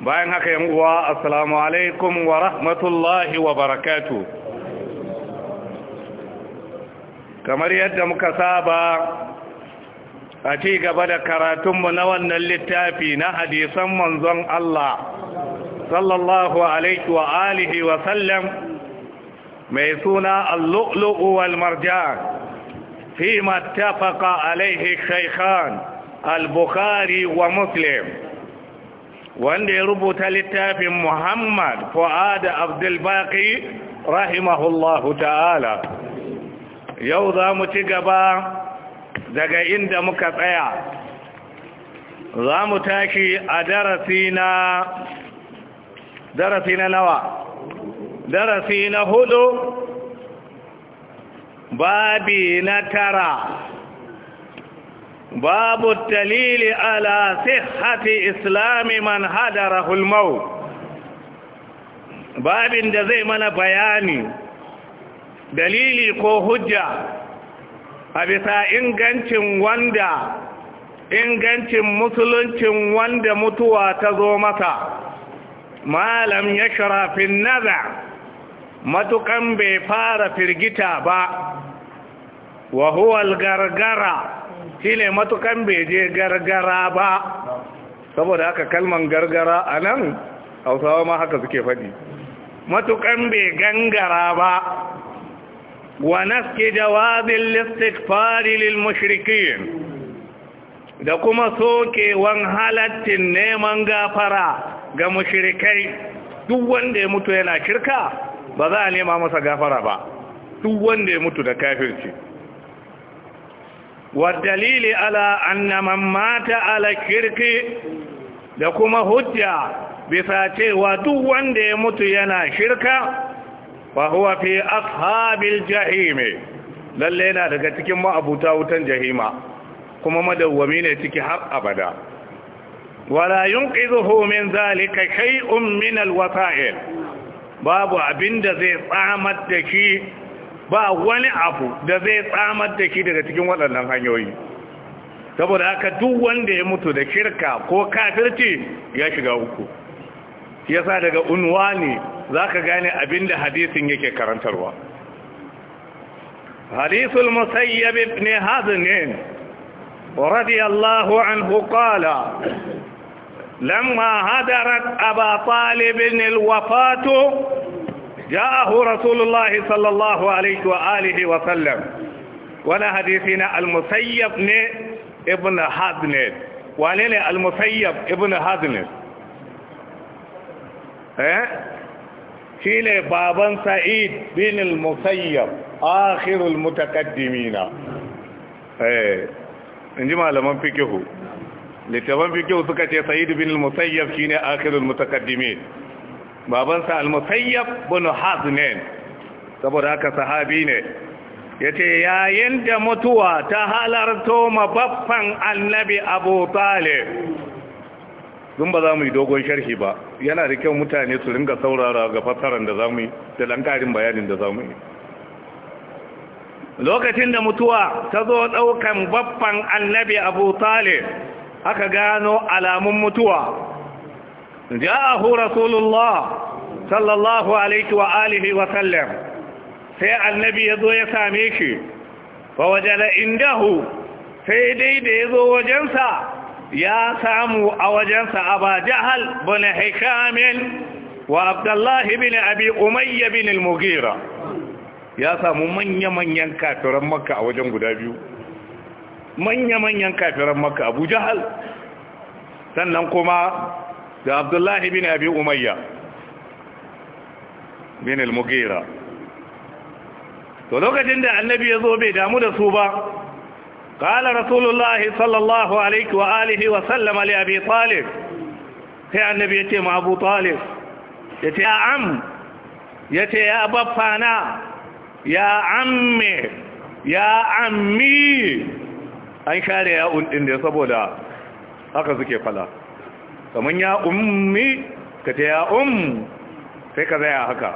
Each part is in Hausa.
bayan haka yan uwa assalamu alaikum wa rahmatullahi wa barakatu kamar yadda muka saba a ci gaba da karatunmu na wannan littafi na hadisan manzon Allah sallallahu alaihi wa alihi wa sallam mai suna al-lu'lu'u wal marjan fi ma tafaqa alaihi shaykhan al-bukhari wa muslim wanda ya rubuta littafin Muhammad Fuad Abdul Baqi rahimahullahu ta'ala yau za mu ci gaba daga inda muka tsaya za mu tashi a darasi na darasi na nawa darasi na hudu babi na tara باب الدليل على صحة إسلام من هدره الموت باب da zai mana bayani dalili ko hujja a bisa ingancin wanda ingancin musuluncin wanda mutuwa ta zo masa malam ya sharafin naza matukan bai fara firgita ba Wahuwal gargara shi ne matukan beje gargara ba saboda haka kalman gargara a nan hausawa ma haka suke faɗi matukan bai gangara ba wa naske jawabin listik farilil mashirikin da kuma sokewan halattin neman gafara ga mashirikai duk wanda ya mutu yana shirka ba za a nema masa gafara ba duk wanda ya mutu da kafirci والدليل على أن من مات على الشرك لكما هجة بفاته ودوا ديمت ينا شركا فهو في أصحاب الجحيم للينا لكتك ما أبو تاوتا جهيما كما مدومين تك حق أبدا ولا ينقذه من ذلك شيء من الوسائل باب أبند ذي طعمت شيء ba wani abu da zai tsamar da shi daga cikin waɗannan hanyoyi saboda aka duk wanda ya mutu da shirka ko kafirci ya shiga uku Ya sa daga unwani ka gane abin da hadisin yake karantarwa hadisul musayyab ibn hazin رضي الله عنه قال لما هدرت أبا طالب الوفاة جاءه رسول الله صلى الله عليه وآله وسلم وانا حديثنا المسيب ابن حدن وانا المسيب ابن حدن شيني بابا سعيد بن المسيب آخر المتقدمين انجي ما لمن فيكهو لتبن فيكهو سكتي سعيد بن المسيب شيني آخر المتقدمين babansa al-musayyab bin hazmin saboda haka sahabi ne yace yayin da mutuwa ta halarto mabaffan annabi Abu Talib dun ba za mu yi dogon sharhi ba yana da kyau mutane su ringa saurara ga fassarar da za yi da lankarin bayanin da za yi lokacin da mutuwa ta zo ɗaukan babban annabi abu talib aka gano alamun mutuwa ja'ahu rasulullah sallallahu alaihi wa alihi wa sallam sai annabi ya zo ya same shi fa wajala indahu sai dai da ya zo wajensa ya samu a wajensa aba jahal bin hikamin wa abdullahi bin abi umayya bin al ya samu manya-manyan kafiran makka a wajen guda biyu manya-manyan jahal sannan kuma da abdullahi bin abi umayya bin al-mughira to lokacin da annabi ya zo bai damu da su ba Kala rasulullahi sallallahu alaihi wa alihi wa sallama li abi talib sai annabi ya ce ma abu talib yace ya am yace ya baffana ya amme ya ammi an share ya'un undin da saboda haka suke fala kamar ya ummi ka ya um sai ka zaya haka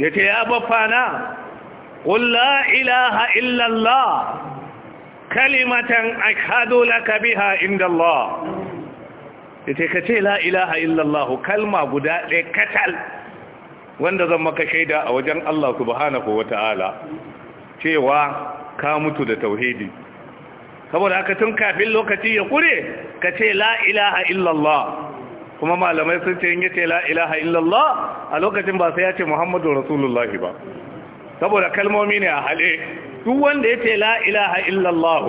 ya ce ya bafana ƙulla ilaha illallah kalimatan ashadu laka biha inda Allah ya ce ka ce la ilaha illallah kalma guda ɗaya katal wanda zan maka shaida a wajen Allah subhanahu wa ta'ala cewa ka mutu da tauhidi saboda aka tun kafin lokaci ya kure ka ce la ilaha illallah kuma malamai sun ce in yace la ilaha illallah a lokacin ba sai ya ce muhammadu rasulullahi ba saboda kalmomi ne a hale duk wanda yace la ilaha illallah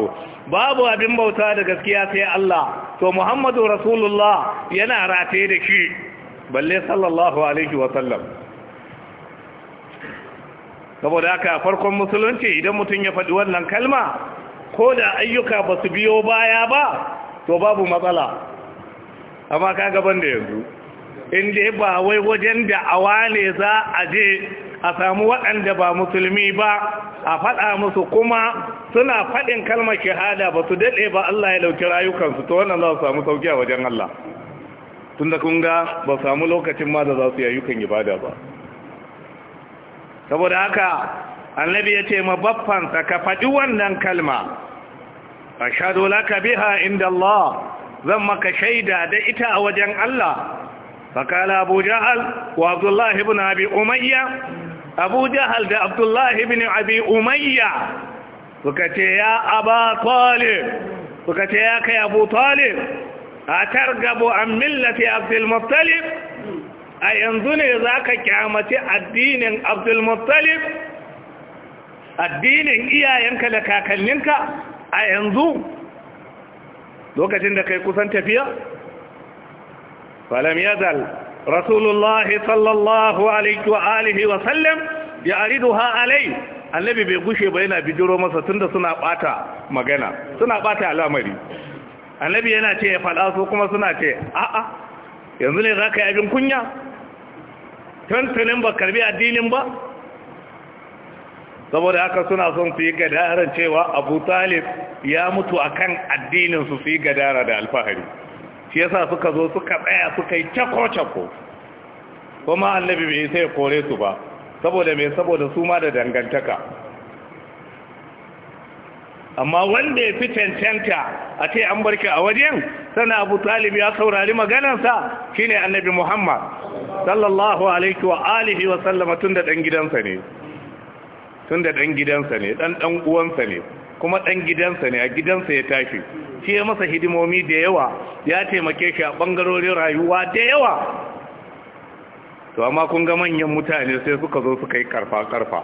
babu abin bauta da gaskiya sai Allah to muhammadu rasulullah yana rataye da shi balle sallallahu alaihi wa sallam saboda haka farkon musulunci idan mutum ya faɗi wannan kalma ko da ayyuka ba su biyo baya ba to babu matsala amma ka gaban da yanzu inda ba wai wajen da awa ne za a je a samu waɗanda ba musulmi ba a faɗa musu kuma suna faɗin kalmar shahada ba su daɗe ba Allah ya ɗauki rayukansu to wannan za su samu sauki a wajen Allah tun da kun ga ba samu lokacin ma da za su yi ayyukan ibada ba saboda haka annabi ya ce ma baffansa ka faɗi wannan kalma A ashhadu ka biha inda Allah zan maka shaida da ita a wajen Allah fakala Abu Jahal wa Abdullah ibn Abi Umayya Abu Jahal da Abdullahi ibn Abi Umayya suka ce ya Aba Talib suka ce ya kai Abu Talib atargabu an millati Abdul a yanzu ne zaka kyamaci addinin Abdul addinin iyayenka da kakanninka a yanzu lokacin da kai kusan tafiya falam yazal rasulullah sallallahu alaihi wa alihi wa sallam ha alai annabi bai gushe ba yana bijiro masa tunda suna bata magana suna bata al'amari annabi yana ce ya faɗa su kuma suna ce a'a yanzu ne za ka yi abin kunya tantanin ba karbi addinin ba saboda haka suna son su yi gadara cewa abu talib ya mutu akan addinin su su yi gadara da alfahari shi yasa suka zo suka tsaya suka yi cako-cako kuma annabi bai sai kore su ba saboda mai saboda su ma da dangantaka amma wanda ya fi cancanta a ce an barke a wajen sana abu talib ya saurari maganarsa shine annabi muhammad sallallahu alaihi wa alihi wa sallama tun da ɗan gidansa ne tun da ɗan gidansa ne ɗan ɗan uwansa ne kuma ɗan gidansa ne a gidansa ya tashi shi ya masa hidimomi da yawa ya taimake shi a ɓangarorin rayuwa da yawa to amma kun ga manyan mutane sai suka zo suka yi karfa-karfa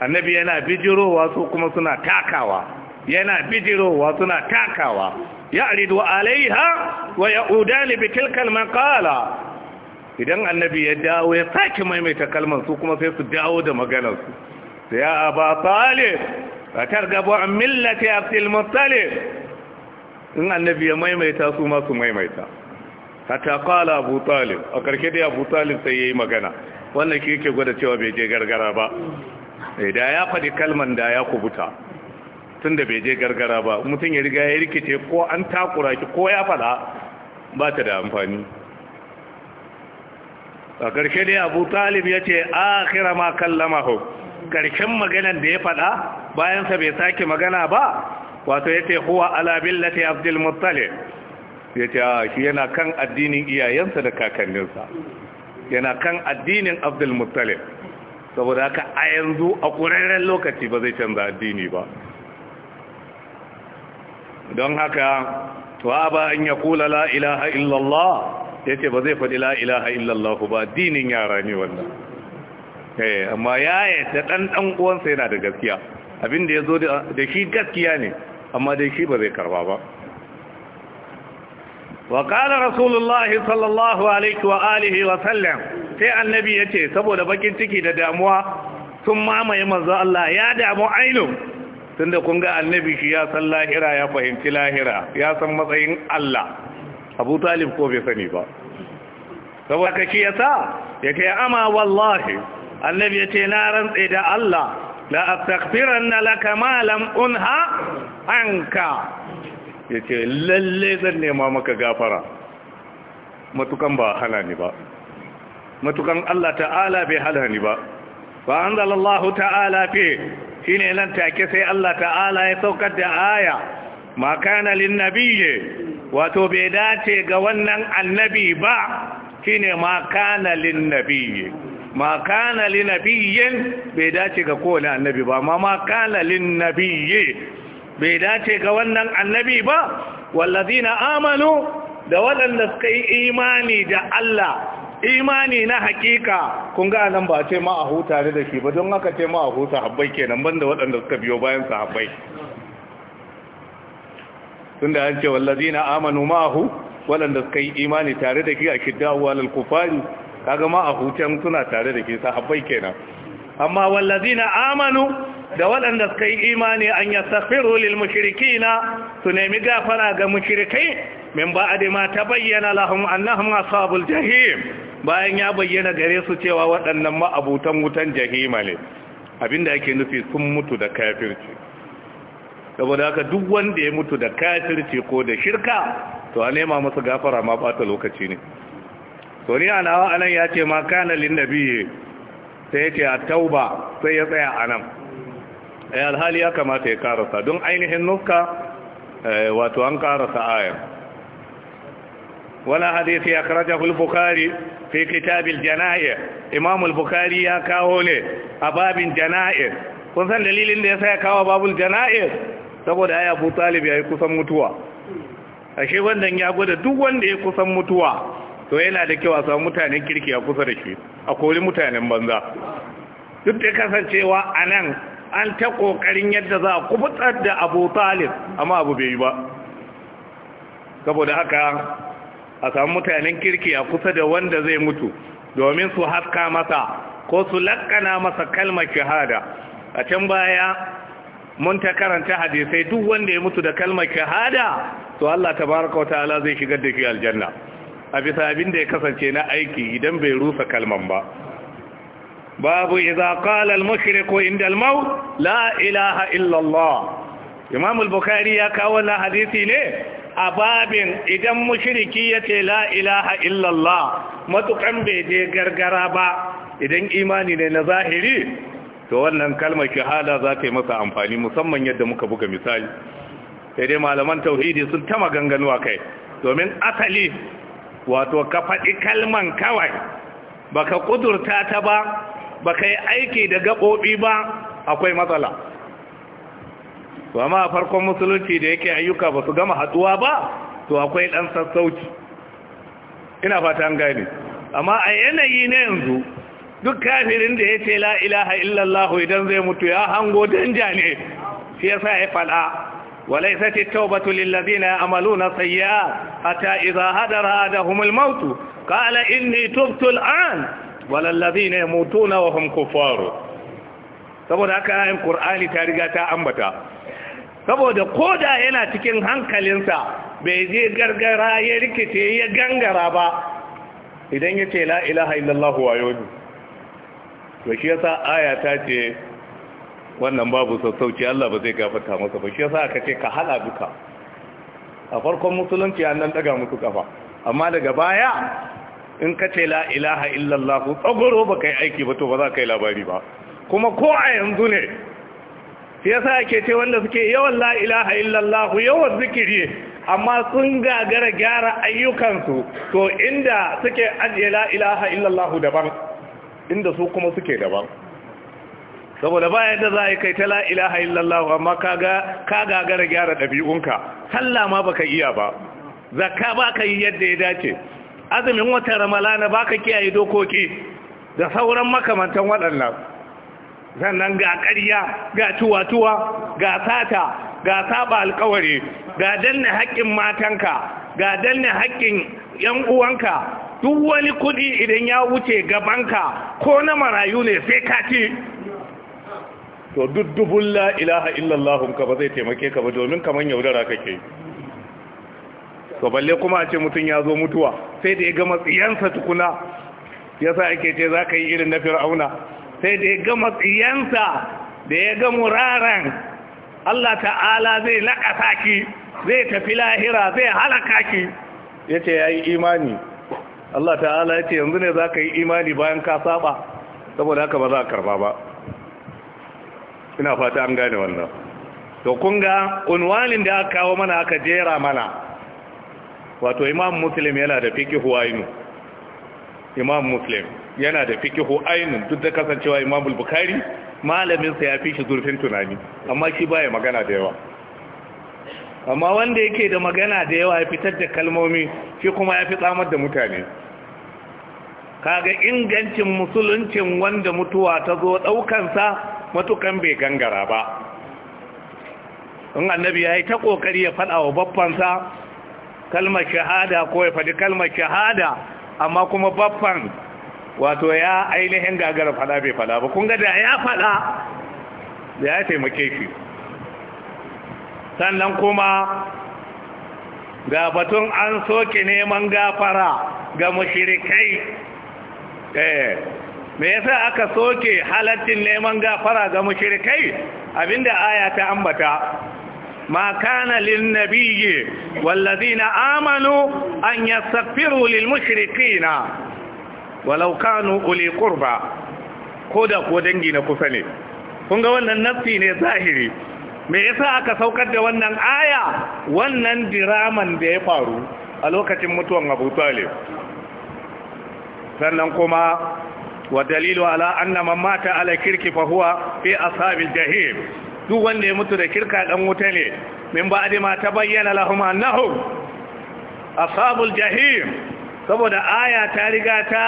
annabi yana bijirowa su kuma suna takawa yana bijirowa suna takawa ya aridu alaiha wa ya'udani bi tilkal maqala idan annabi ya dawo ya sake maimaita kalmar su kuma sai su dawo da maganar su sai ya aba talib a a an millati abdul muttalib in annabi ya maimaita su masu maimaita hata qala abu talib a karshe da abu talib sai ya yi magana wannan shi yake gwada cewa bai je gargara ba eh, da ya faɗi kalman da ya kubuta tun da bai je gargara ba mutum ya riga ya rikice ko an takura ki ko ya faɗa ba ta da amfani a ƙarshe dai abu talib ya ce akira ma kallama hau ƙarshen maganan da ya faɗa bayansa bai sake magana ba wato ya ce huwa ala billati abdul muttalib ya ce ah, shi yana kan addinin iyayensa da kakanninsa yana kan addinin abdul saboda haka a yanzu a ƙurarren lokaci ba zai canza addini ba don haka wa ba an ya kula la'ilaha illallah ya ce ba zai faɗi la'ilaha illallahu ba dinin yara ne wannan eh, amma ya yata uwansa yana da gaskiya abinda ya zo da shi gaskiya ne amma dai shi ba zai karba ba wa ƙara rasulullahi sallallahu alaihi wa alihi wa sallam sai annabi ya ce saboda bakin ciki da damuwa sun mamaye manzo Allah ya damu ainihin tunda kun ga annabi shi ya san lahira ya fahimci lahira ya san matsayin Allah abu talib ko bai sani ba saboda ka shi yasa ya kai ama wallahi annabi ya ce na rantse da Allah la na laka malam unha anka ya ce lalle zan nema maka gafara matukan ba hana ni ba matukan Allah ta'ala bai hana ni ba fa anzalallahu ta'ala fi shine nan take sai Allah ta'ala ya saukar da aya ma kana wato bai dace ga wannan annabi ba shine ma kana linnabiyye ma kana bai dace ga kowane annabi ba ma ma kana bai dace ga wannan annabi ba wallazina amanu da waɗanda suka yi imani da Allah imani na hakika kun ga nan ba ce ma a huta da shi ba don haka ce ma a huta habbai kenan banda waɗanda suka biyo bayan sahabbai da an wallazi na amanu ma'ahu waɗanda suka yi imani tare da ke a kiddawa lal kufari kaga ma a hutan suna tare da ke sahabbai kenan amma na amanu da waɗanda suka yi imani an yastaghfiru mushrikina su nemi gafara ga mushrikai min ba'di ma bayyana lahum annahum asabul jahim bayan ya bayyana gare su cewa waɗannan ma'abutan wutan jahima ne abinda ake nufi sun mutu da kafirci saboda haka duk wanda ya mutu da kafirci ko da shirka to a nema masa gafara ma bata lokaci ne to ni wa anan ya ce ma kana lin nabiyye sai ya ce a tauba sai ya tsaya anan ai eh, alhali ya kamata ya karasa don ainihin nuska eh, wato an karasa ayar wala hadisi ya karaja bukhari fi kitabil jana'ir imam al-bukhari ya kawo ne a babin jana'ir kun san dalilin da ya sa ya kawo babul jana'ir saboda ya Abu Talib yi kusan mutuwa ashe wannan ya gwada duk wanda ya kusan mutuwa to yana da kyau a samu mutanen kirki a kusa da shi a kori mutanen banza duk da kasancewa a nan, an ta kokarin yadda za a kubutar da Abu Talib amma abu bai yi ba saboda haka a samu mutanen kirki a kusa da wanda zai mutu domin su haska masa ko su lakkana masa kalmar shahada a can baya mun ta karanta hadisai duk wanda ya mutu da kalmar shahada to Allah tabaraka wataala zai shigar da shi aljanna a bisa abin da ya kasance na aiki idan bai rusa kalman ba babu idza qala al-mushriku inda al-maut la ilaha illa Allah Imam al-Bukhari ya kawo wannan hadisi ne a babin idan mushriki yace la ilaha illa Allah matukan bai je gargara ba idan imani ne na zahiri to wannan kalmar shahada za ta yi masa amfani musamman yadda muka buga misali sai dai malaman tauhidi sun tama ganganuwa kai domin asali wato ka faɗi kalman kawai baka kudurta ta ba baka yi aiki da gaɓoɓi ba akwai matsala ma a farkon musulunci da yake ayyuka ba su gama haɗuwa ba to akwai ɗan sassauci ina fata an gane amma a yanayi na yanzu duk kafirin da ya ce la ilaha illallah idan zai mutu ya hango danja ne shi sa ya fada وليست التوبة للذين يعملون da حتى إذا هدر أحدهم tuftul an walallazi na ya mutu na wa وهم كفار saboda haka ayin Qur'ani ta riga ta ambata saboda da yana cikin hankalinsa bai je gargara ya rikice ya gangara ba idan yace la ilaha illallah wayo yawmi to shi yasa aya ta ce wannan babu sassauci Allah ba zai gafarta masa ba shi yasa aka ce ka hala duka a farkon musulunci an nan daga musu kafa amma daga baya in ka ce la ilaha illallah tsagoro ba kai aiki ba to ba za ka yi labari ba kuma ko a yanzu ne shi yasa ake ce wanda suke yawan la ilaha illallah yawan zikiri amma sun gagara gyara ayyukansu to inda suke ajiye la ilaha illallah daban inda su kuma suke daban saboda ba yadda za a yi kai ta la'ilaha illallah amma ka gagara gyara ɗabi'unka sallah ma ka iya ba zakka ba ka yi yadda ya dace azumin watan ramalana ba ka kiyaye dokoki da sauran makamantan waɗannan sannan ga ƙarya ga tuwa-tuwa ga sata ga saba alkawari ga danne haƙƙin matanka ga danne haƙƙin 'yan uwanka duk wani kudi idan ya wuce gabanka ko na marayu ne sai ka ce. to duk dubun la illallah ka ba zai taimake ka ba domin kaman yaudara kake to balle kuma a ce mutum ya zo mutuwa sai da ya gama tsiyansa tukuna Ya sa ake ce za ka yi irin na fir'auna sai da ya gama tsiyansa da ya ga muraran Allah ta'ala zai laƙasa ki zai tafi lahira zai halaka ki ya ce ya yi imani Allah ta'ala ya ce yanzu ne za ka yi imani bayan ka saba saboda haka ba za a karba ba ina fata an gane wannan to kun ga unwalin da aka kawo mana aka jera mana wato imam muslim yana da fikihu ainu imam muslim yana da fikihu ainu duk da kasancewa imam bukhari malamin sa ya fi shi zurfin tunani amma shi baya magana da yawa amma wanda yake da magana da yawa ya fitar da kalmomi shi kuma ya fi tsamar da mutane kaga ingancin musuluncin wanda mutuwa ta zo ɗaukansa matukan bai gangara ba in annabi ya yi ta ƙoƙari ya faɗa wa babbansa kalmar shahada ko ya faɗi kalmar shahada amma kuma baffan, wato ya ainihin gagara faɗa bai faɗa ba kun ga da ya faɗa da ya taimake shi sannan kuma batun an soke neman gafara ga mushirikai, eh me yasa aka soke halattin neman gafara ga mushirikai? abinda aya ta ambata ma kana lin nabiyyi wallazina amanu an yastaghfiru lil mushrikina walau kanu uli qurba koda ko dangi na kusa ne kun ga wannan nafsi ne zahiri me yasa aka saukar da wannan aya wannan diraman da ya faru a lokacin mutuwan abu talib sannan kuma wa dalilu ala anna man mata ala kirki fa huwa fi ashabil jahim duk wanda ya mutu da kirka dan wuta ne min ba'di ma tabayyana lahum annahum ashabul jahim saboda aya ta riga ta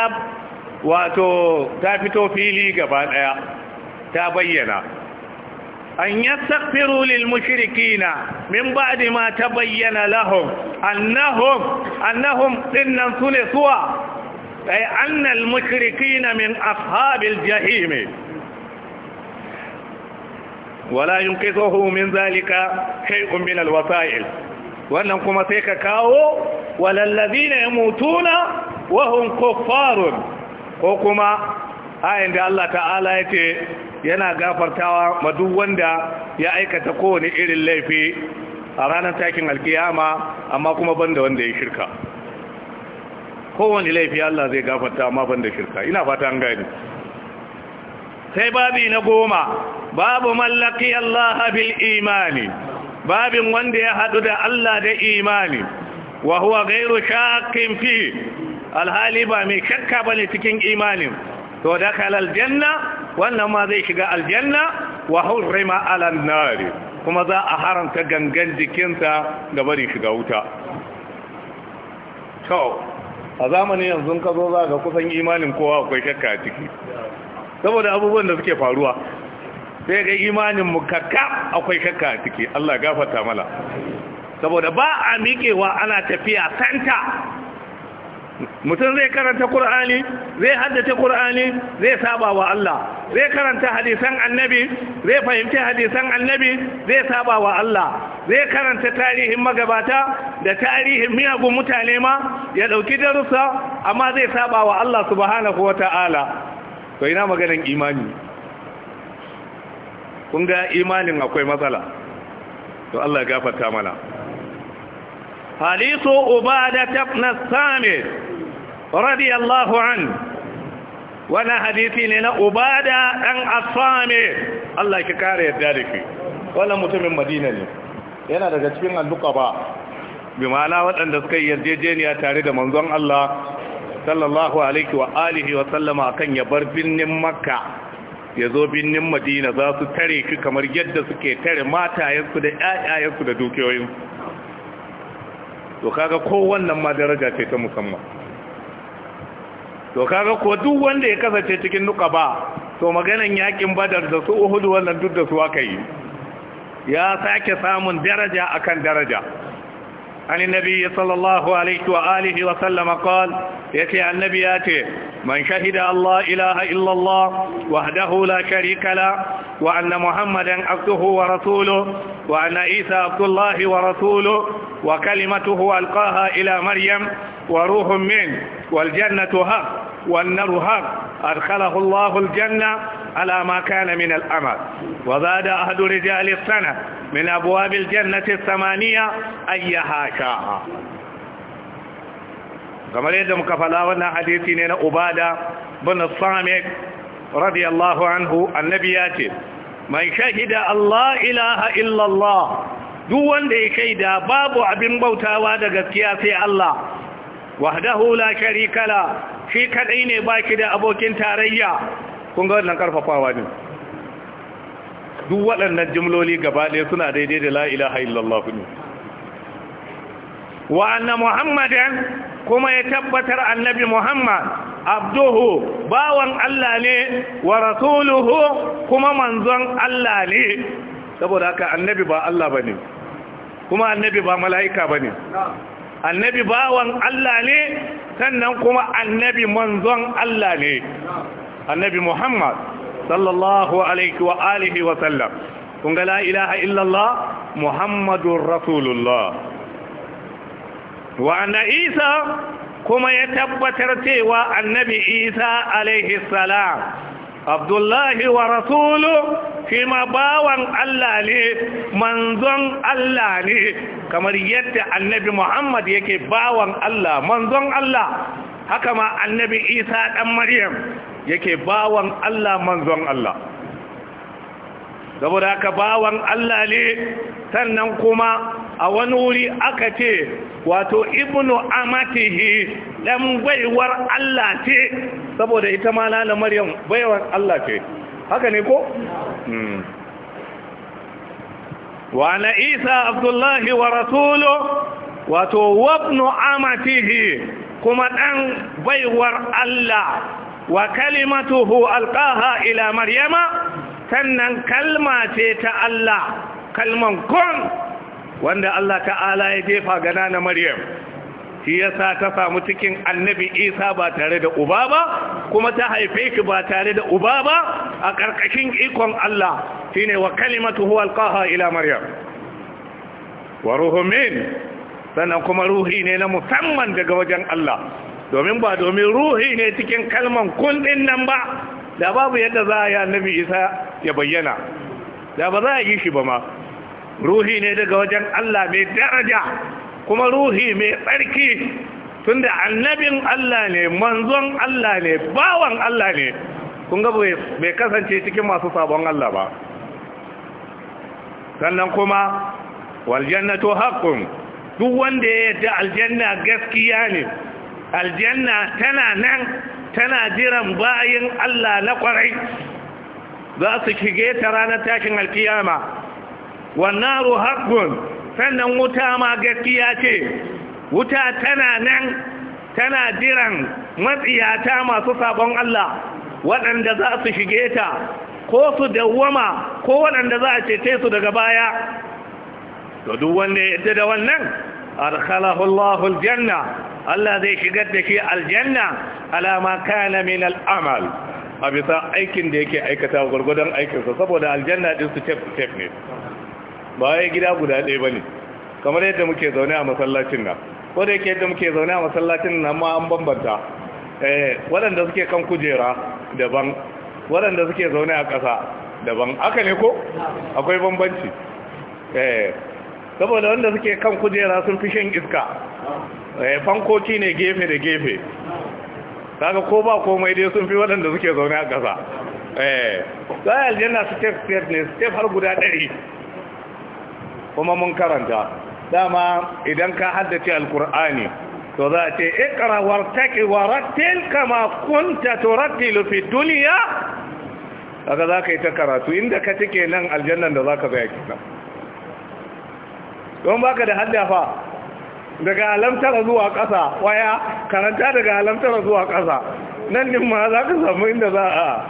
wato ta fito fili gaba daya ta bayyana أن يستغفروا للمشركين من بعد ما تبين لهم أنهم أنهم إن ثلثوا أي أن المشركين من أصحاب الجحيم ولا ينقذه من ذلك شيء من الوسائل وأنهم كما sai ولا الذين يموتون وهم كفار وكما kuffarun ko kuma ayin da yana gafartawa ma duk wanda ya aikata kowane irin laifi a ranar takin alkiyama amma kuma banda wanda ya shirka kowane laifi Allah zai gafarta amma banda shirka ina fata an gani sai babi na goma babu mallaki Allah bil imani babin wanda ya hadu da Allah da imani wa huwa gairu shakkin fi alhali ba mai shakka bane cikin imanin to da dakala janna. wannan ma zai shiga aljanna wa hurrima ala nari kuma za a haranta gangan jikinsa da bari shiga wuta to a zamanin yanzu ka zo za ga kusan imanin kowa akwai shakka a ciki saboda abubuwan da suke faruwa sai ga imanin mu kakka akwai shakka a ciki Allah gafarta mana saboda ba a miƙewa ana tafiya santa mutum zai karanta Kur'ani, zai haddace Kur'ani, zai saba wa Allah zai karanta hadisan annabi zai fahimci hadisan annabi zai saba wa Allah zai karanta tarihin magabata da tarihin miyagun mutane ma ya ɗauki darussa amma zai saba wa Allah subhanahu wa ta'ala to ina maganin imani kun ga imanin akwai matsala to Allah ya gafarta mana حديث عبادة بن السامر hadisi ne na ubada ɗan asame. Allah ki kare الله يكاري ذلك Wannan mutumin مدينة ne. yana daga cikin alluka ba bi waɗanda suka yi yarjejeniya tare da manzon Allah sallallahu alaihi wa alihi wa sallama akan ya bar binnin makka ya zo binnin madina za su tare ki kamar yadda suke tare matayensu da ƴaƴayensu da dukiyoyinsu to kaga ko wannan ma daraja ce ta musamman to kaga ko duk wanda ya kasance cikin nuqaba to maganan yakin badar da su uhud wannan duk da su aka yi ya sake samun daraja akan daraja عن النبي صلى الله عليه وآله وسلم قال يتي النبي آتي من شهد الله إله إلا الله وحده لا شريك له وأن محمدا عبده ورسوله وأن عيسى عبد الله ورسوله وكلمته ألقاها إلى مريم وروح منه والجنة هب والنار هب أدخله الله الجنة على ما كان من الأمر وزاد أهد رجال السنة min abwabil jannati samaniya ayyaha sha'a kamar yadda muka fada wannan hadisi ne na ubada bin samit radiyallahu anhu annabi ya Mai man shahida Allah ilaha illallah. Allah duk wanda ya shaida babu abin bautawa da gaskiya sai Allah wahdahu la sharika la shi kadai ne baki da abokin tarayya kun ga wannan karfafawa ne duk waɗannan jimloli gaba ɗaya suna daidai da la ilaha illallah ne wa anna muhammadin, kuma ya tabbatar annabi muhammad abduhu bawan Allah ne wa rasuluhu kuma manzon Allah ne saboda haka annabi ba Allah ba ne, kuma annabi ba mala'ika ba ne. annabi bawan Allah ne sannan kuma annabi manzon Allah ne annabi muhammad sallallahu alaihi wa alihi wa sallam kun ga la ilaha illallah muhammadur rasulullah wa anna isa kuma ya tabbatar cewa annabi isa alaihi salam abdullahi wa rasulu shi ma bawan Allah ne manzon Allah ne kamar yadda annabi muhammad yake bawan Allah manzon Allah haka ma annabi isa ɗan maryam yake bawan Allah manzon Allah saboda haka bawan Allah ne sannan kuma a wani wuri aka ce wato ibnu amatihi dan baiwar Allah ce saboda ita ma lala maryam baiwar Allah ce haka ne ko hmm. wa ala isa abdullahi wa rasulu wato wabnu amatihi kuma dan baiwar Allah wa kalimatuhu alqaha ila maryama sannan kalma ce ta Allah kalman kun wanda Allah ta'ala ya jefa gana na maryam shi yasa ta samu cikin annabi isa ba tare da uba ba kuma ta haife ki ba tare da uba ba a ƙarƙashin ikon Allah shine wa kalimatu alqaha ila maryam wa ruhumin sannan kuma ruhi ne na musamman daga wajen Allah domin ba domin ruhi ne cikin kalman kun din nan ba da babu yadda za a yi annabi isa ya bayyana da ba za a yi shi ba ma ruhi ne daga wajen allah mai daraja kuma ruhi mai tsarki tunda annabin allah ne manzon allah ne bawan allah ne kun ga bai kasance cikin masu sabon allah ba sannan kuma waljannato haqqun duk wanda ya yadda aljanna gaskiya ne aljanna tana nan tana jiran bayin Allah na kwarai za su shige ta ranar tashin alkiyama wannan ruhaqqun sannan wuta ma gaskiya ce wuta tana nan tana jiran matsiyata masu sabon Allah waɗanda za su shige ta ko su dawwama ko waɗanda za a cece su daga baya to duk wanda ya yadda da wannan arkhalahu Allahu aljanna Allah zai shigar da shi aljanna alama kana min al'amal a bisa aikin da yake aikata gwargwadon aikinsa saboda aljanna din su tef ne ba ya gida guda ɗaya ba ne kamar yadda muke zaune a masallacin nan ko da yake yadda muke zaune a masallacin nan ma an bambanta eh, waɗanda suke kan kujera daban waɗanda suke zaune a ƙasa daban aka ne ko akwai bambanci eh, saboda wanda suke kan kujera sun fi shan iska Eh, fankoki ne gefe da gefe kaga ko ba komai dai sun fi waɗanda suke zaune a ƙasa eh sai aljanna step step ne step har guda ɗari kuma mun karanta dama idan ka haddace alkur'ani to za a ce ikra wartaki warattil kama kunta turattilu fi dunya kaga za ka yi ta karatu inda ka tike nan aljannan da za ka zaya kisa don baka da haddafa daga alamtara zuwa ƙasa waya karanta daga alamtara zuwa ƙasa nan din ma za ka samu inda za a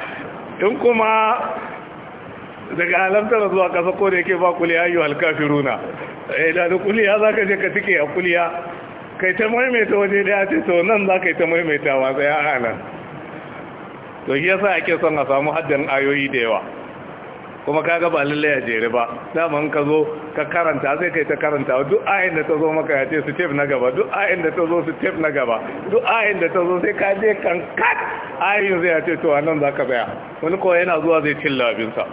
in kuma daga alamtara zuwa ƙasa ko da yake ba kuliya yi runa. da da kuliya za ka je ka tike a kuliya kai ta maimaita waje da ya ce to nan za ka yi ta maimaita, tsaye a nan to shi yasa ake son a samu haddan ayoyi da yawa kuma kaga ba lallai ya jere ba dama ka zo ka karanta zai kai ta karanta duk ayin da ta zo maka ya ce su tef na gaba duk ayin da ta zo su tef na gaba duk ayin da ta zo sai ka je kan kat ayin zai ya ce to anan za ka wani ko yana zuwa zai cin labinsa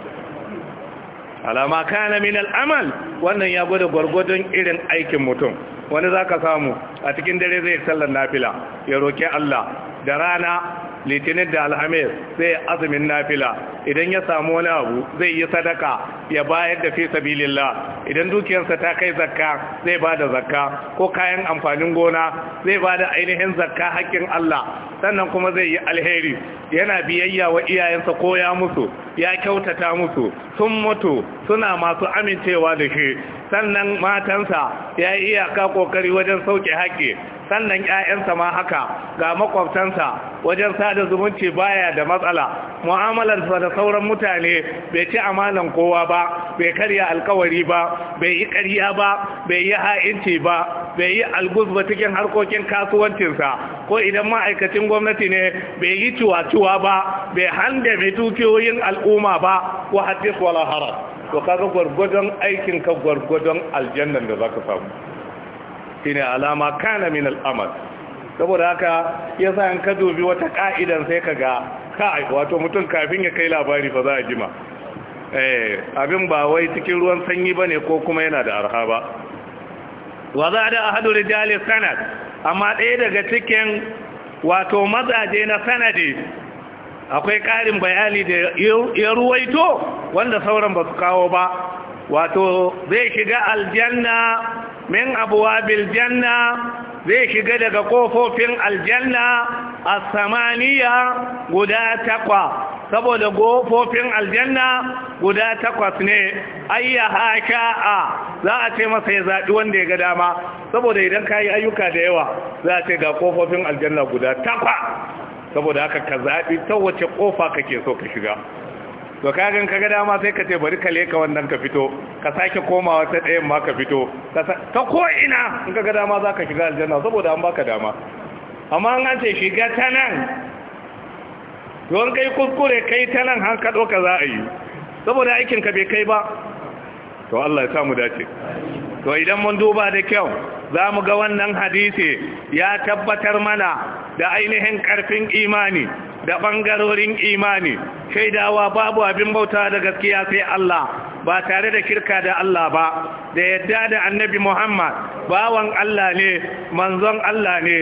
alama kana min al'amal wannan ya gwada gwargwadon irin aikin mutum wani za ka samu a cikin dare zai sallar nafila ya Allah da rana litinin da alhamis sai azumin nafila idan ya samu wani abu zai yi sadaka ya bayar da fesa sabilillah idan dukiyarsa ta kai zakka zai ba da zakka ko kayan amfanin gona zai ba da ainihin zakka hakkin Allah sannan kuma zai yi alheri yana biyayya wa iyayensa ko ya musu ya kyautata musu sun mutu suna masu amincewa da shi sannan matansa ya yi iyaka kokari wajen sauke haƙƙi sannan ƴaƴansa ma haka ga makwabtansa wajen sada zumunci baya da matsala mu'amalar da sauran mutane bai ci amalan kowa ba bai karya alkawari ba bai yi ƙarya ba bai yi ha'inci ba bai yi alguz ba cikin harkokin kasuwancinsa ko idan ma'aikacin gwamnati ne bai yi ciwa-ciwa ba bai handa mai dukiyoyin al'umma ba ko hadis wala haram to kaga gwargwadon aikin ka gwargwadon aljannan da zaka samu shine alama kana min al'amal saboda haka yasa in ka dubi wata ka'idan sai ka ga kai wato mutum kafin ya kai labari fa za a jima eh, abin ba wai cikin ruwan sanyi bane ko kuma yana da arha ba wa za da ahadu rijali sanad amma ɗaya daga cikin wato mazaje na sanadi akwai ƙarin bayani da ya ruwaito wanda sauran ba su kawo ba wato zai shiga aljanna min abuwa biljanna zai shiga daga kofofin aljanna a samaniya guda takwa saboda kofofin aljanna guda takwas ne ayya haka a za a ce masa ya zaɓi wanda ya ga dama saboda idan ka yi ayyuka da yawa za a ce ga kofofin aljanna guda takwa saboda haka ka zaɓi ta wace ƙofa kake so ka shiga to kagan kaga dama sai ka ce bari ka leka wannan ka fito ka sake komawa ta ɗayan ma ka fito ta ko ina in kaga dama za ka shiga aljanna saboda an baka dama amma an ce shiga ta nan don kai kuskure kai ta nan an kaɗo ka za a yi saboda aikin ka bai kai ba to Allah ya samu dace to idan mun duba da kyau za mu ga wannan hadisi ya tabbatar mana da ainihin ƙarfin imani da ɓangarorin imani shaidawa babu abin bauta da gaskiya sai Allah ba tare da kirka da Allah ba da yadda da annabi Muhammad bawan Allah ne manzon Allah ne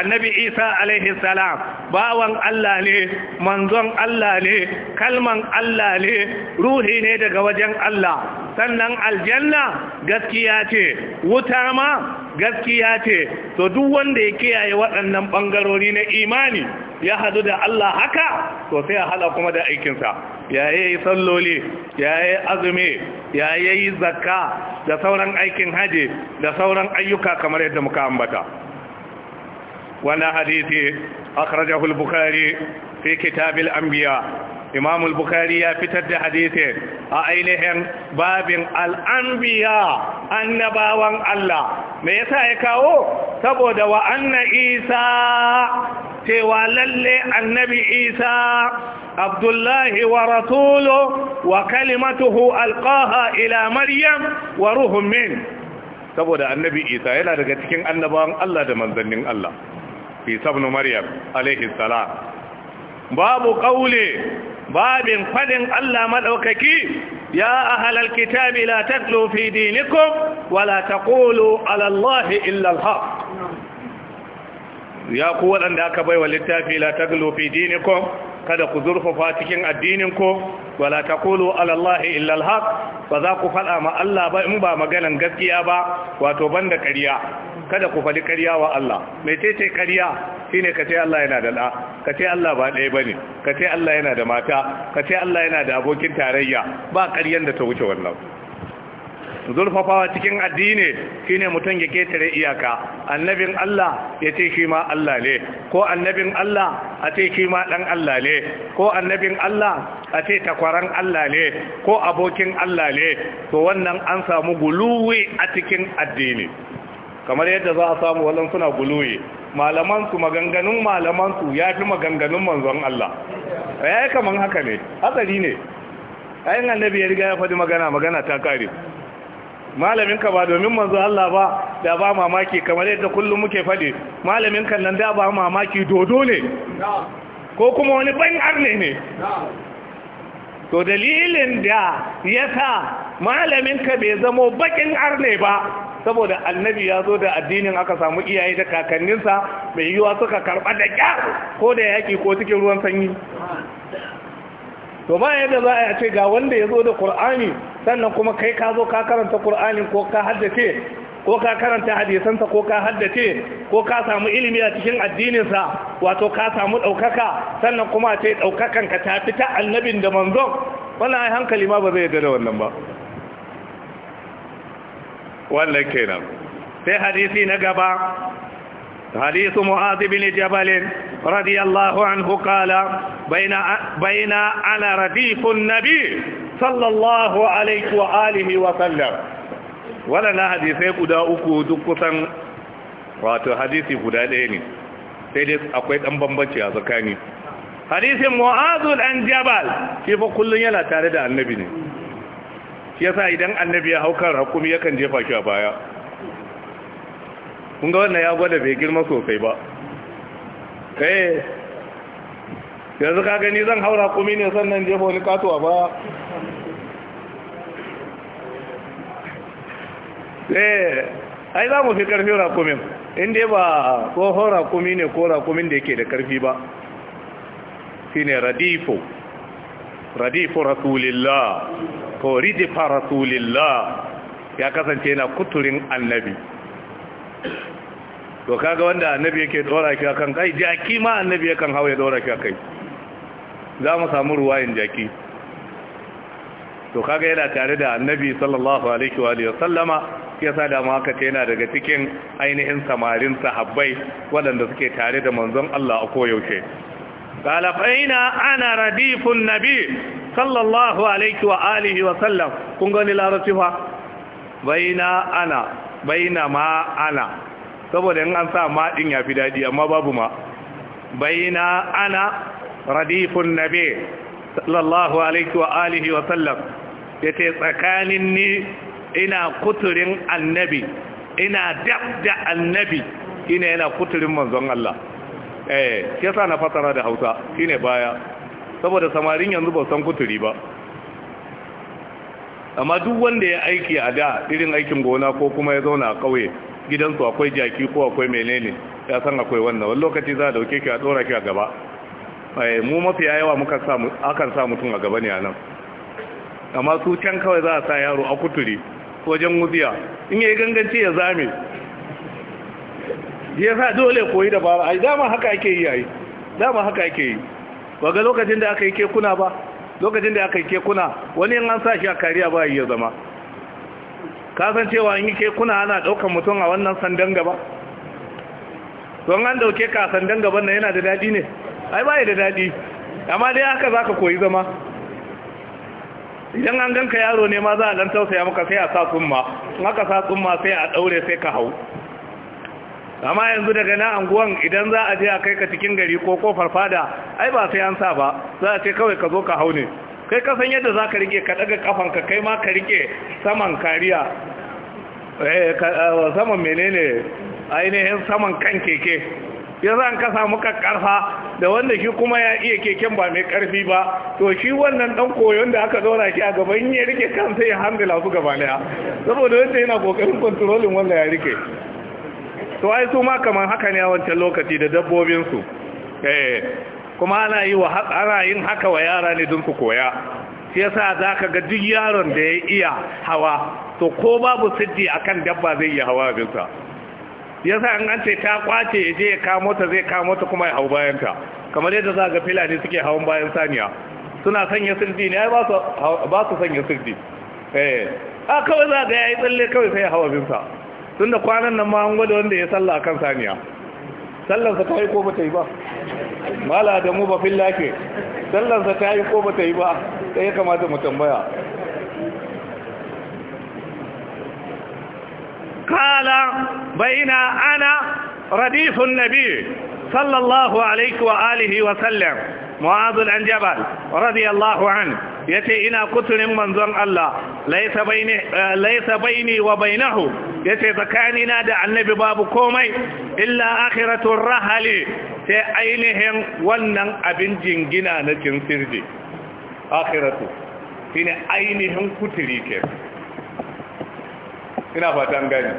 annabi Isa alaihi salam bawan Allah ne manzon Allah ne kalman Allah ne ruhi ne daga wajen Allah sannan aljanna gaskiya ce wuta ma gaskiya ce to duk wanda ya kiyaye waɗannan bangarori na imani ya hadu da Allah haka to sai ya hada kuma da aikinsa ya yi salloli ya yi azumi ya yi zakka da sauran aikin haji da sauran ayyuka kamar yadda muka ambata wannan hadisi akhrajahu al-bukhari fi kitabil anbiya imam al-bukhari ya fitar da hadisi a ainihin babin al annabawan Allah me yasa ya kawo saboda wa anna isa cewa lalle annabi isa abdullahi wa rasulu wa kalimatuhu alqaha ila maryam wa ruhun min saboda annabi isa yana daga cikin annabawan Allah da manzannin Allah fi sabnu maryam alaihi salam babu ƙaule babin faɗin Allah maɗaukaki ya ahalal kitabi la taklo fi dinikum wala taqulu ala Allah illa ya ku waɗanda aka baiwa littafi la taglu fi kada ku zurfafa cikin addininku wala taqulu ala Allah illa ba za ku faɗa ma Allah ba in ba maganan gaskiya ba wato banda ƙariya, kada ku faɗi ƙariya wa Allah mai ce ce shi ne ka ce Allah yana da da ka ce Allah ba ɗaya ba ne. ka ce Allah yana da mata ka ce Allah yana da abokin tarayya ba ƙaryen da ta wuce wannan zurfafawa cikin addini shine mutum ya ketare iyaka annabin Allah ya ce shi ma Allah ne ko annabin Allah a ce shi ma ɗan Allah ne ko annabin Allah a ce takwaran Allah ne ko abokin Allah ne to wannan an samu guluwi a cikin addini kamar yadda za a samu wallan suna guluye malaman su maganganun malaman su fi maganganun manzon Allah eh kaman haka ne hatsari ne ayin annabi ya riga ya faɗi magana magana ta kare malamin ka ba domin manzon Allah ba da ba mamaki kamar yadda kullum muke faɗi malamin kan nan da ba mamaki dodo ne ko kuma wani ban arne ne to dalilin da ya sa malaminka bai zamo bakin arne ba saboda annabi ya zo da addinin aka samu iyaye da kakanninsa mai yiwuwa suka karɓa da ƙyar ko da yaƙi ko cikin ruwan sanyi to ba yadda za a ce ga wanda ya zo da Kur'ani sannan kuma kai ka zo ka karanta Kur'ani ko ka haddace ko ka karanta hadisansa ko ka haddace ko ka samu ilimi a cikin addininsa wato ka samu ɗaukaka sannan kuma a ce ɗaukakan ka ta fita annabin da manzon wannan hankali ma ba zai yadda da wannan ba wannan kenan sai hadisi na gaba حديث معاذ بن radiyallahu anhu الله baina قال بين بين انا رديف النبي wa الله عليه واله وسلم guda uku duk kusan wato hadisi guda ɗaya ne sai dai akwai ɗan bambanci a tsakani hadisin mu'azul an jabal shi fa kullun yana tare da annabi ne yasa idan annabi ya haukar hakumi yakan jefa shi a baya kun ga wannan ya gwada bai girma sosai ba kai eh, yanzu ka gani zan haura kumi ne sannan jefa wani katuwa ba. kai eh, ai za mu fi karfi rakumin inda ba tsohon rakumi ne ko rakumin da yake da karfi ba ne radifo radifo rasulillah foridi Farasulillah ya kasance yana kuturin annabi to kaga wanda annabi yake dora ki akan kai jaki ma annabi yakan hawa ya dora ki akai za mu samu ruwayin jaki to kaga yana tare da annabi sallallahu alaihi wa sallama ya sa da mu haka yana daga cikin ainihin samarin sahabbai waɗanda suke tare da manzon Allah a koyaushe qala ana radifun nabi sallallahu alaihi wa alihi wa sallam kun gani larabci fa baina ana baina ma ana saboda in an sa ma din yafi dadi amma babu ma baina ana radifun nabi sallallahu alaihi wa alihi wa sallam yace tsakanin ni ina kuturin annabi ina dab da annabi ina yana kuturin manzon Allah eh yasa na fasara da Hausa shine baya saboda samarin yanzu ba san kuturi ba amma duk wanda ya aiki a da irin aikin gona ko kuma ya zauna a ƙauye gidansu akwai jaki ko akwai menene ya san akwai wannan wani lokaci za a dauke ki a tsora ki a gaba eh, mu mafi yawa muka akan sa mutum a gaba ne a nan amma su can kawai za a sa yaro a kuturi wajen wuziya in yi ganganci ya zame ya sa dole koyi dabara ai dama haka ake yi ai dama haka ake yi ba ga lokacin da aka yi kekuna ba lokacin da aka yi kekuna wani yin an sashi shi a kariya ba iya zama kasancewa an yi kekuna ana daukan mutum a wannan sandan gaba don an ɗauke ka sandan gaban nan yana da daɗi ne ai ba da daɗi amma dai haka za ka koyi zama idan an ganka yaro ne ma za a ɗan tausaya maka sai a sa tsumma in aka sa tsumma sai a ɗaure sai ka hau amma yanzu daga na anguwan idan za a je a kai ka cikin gari ko kofar fada ai ba sai an sa ba za a ce kawai ka zo ka hau ne kai ka san yadda za ka rike ka daga ka kai ma ka rike saman kariya eh, eh, saman menene ainihin saman kan keke ya zan ka samu karfa da wanda shi kuma ya iya keken ba mai karfi ba to shi wannan dan koyon da aka zauna shi a gaban ya rike kansa ya handila su gaba daya saboda wanda yana kokarin kontrolin wanda ya rike to ai su ma kamar haka ne a wancan lokaci da dabbobinsu eh kuma ana yi wa ana yin haka wa yara ne don su koya shi yasa zaka ga duk yaron da ya iya hawa to ko babu siddi akan dabba zai iya hawa abinsa yasa an an ce ta kwace ya je ya kamo ta zai kamo ta kuma ya hau bayan ta kamar yadda za ga filani suke hawan bayan saniya suna sanya sirdi ne Ai ba su sanya sirdi eh a kawai za ga yayi tsalle kawai sai ya hawa abinsa tun da kwanan nan ma an gwada wanda ya salla a kan saniya sallansa ta yi ko ba ta yi ba mala da mu ba filla ke sallansa ta yi ko ba ta yi ba sai ya kamata mu tambaya kala baina ana radifun nabi sallallahu alaiki wa alihi wa sallam mu'adh an jabal radiyallahu anhu yace ina kuturin manzon Allah laysa baini laysa baini wa bainahu yace tsakanina da annabi babu komai illa akhiratur rahali sai ainihin wannan abin jingina na cin sirri akhiratu ne ainihin kuturi ke ina fatan gani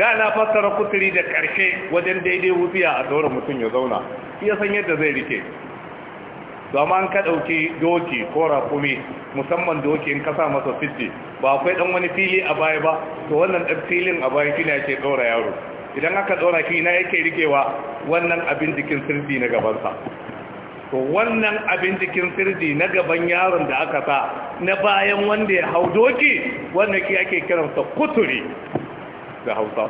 da na fassara kuturi da karshe wajen daidai wufiya a tsoron mutum ya zauna iya san yadda zai rike to amma an ka ɗauki doki ko rakumi musamman doki in kasa masa fiti ba akwai ɗan wani fili a baya ba to wannan ɗan filin a baya kina yake ɗora yaro idan aka ɗora na yake rikewa wannan abin jikin sirdi na gabansa to wannan abin jikin sirdi na gaban yaron da aka sa na bayan wanda ya hau doki wannan ki ake kiransa kuturi da hausa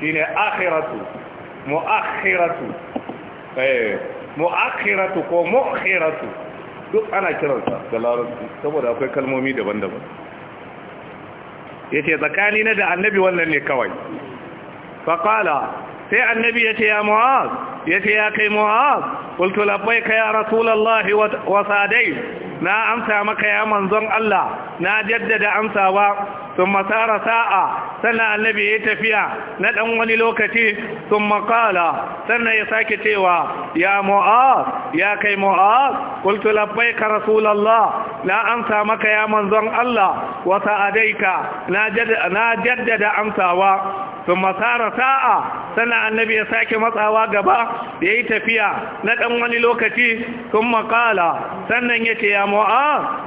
shine akhiratu mu'akhiratu eh mu'akhiratu ko mu'khiratu duk ana kiransa da larabci saboda akwai kalmomi daban-daban yace tsakani na da annabi wannan ne kawai faqala sai annabi ya ce ya mu'az ya ce ya kai mu'az qultu ka ya rasulullahi wa sadai na amsa maka ya manzon Allah na jaddada ba thumma sara sa'a sannan annabi ya tafiya na ɗan wani lokaci sun makala. sannan ya sake cewa ya mu'az ya kai mu'az qultu labbaika rasulullah na amsa maka ya manzon Allah wa ka na jaddada ba. sun masara sa'a sana annabi ya sake matsawa gaba ya yi tafiya na ɗan wani lokaci sun makala sannan ya ce ya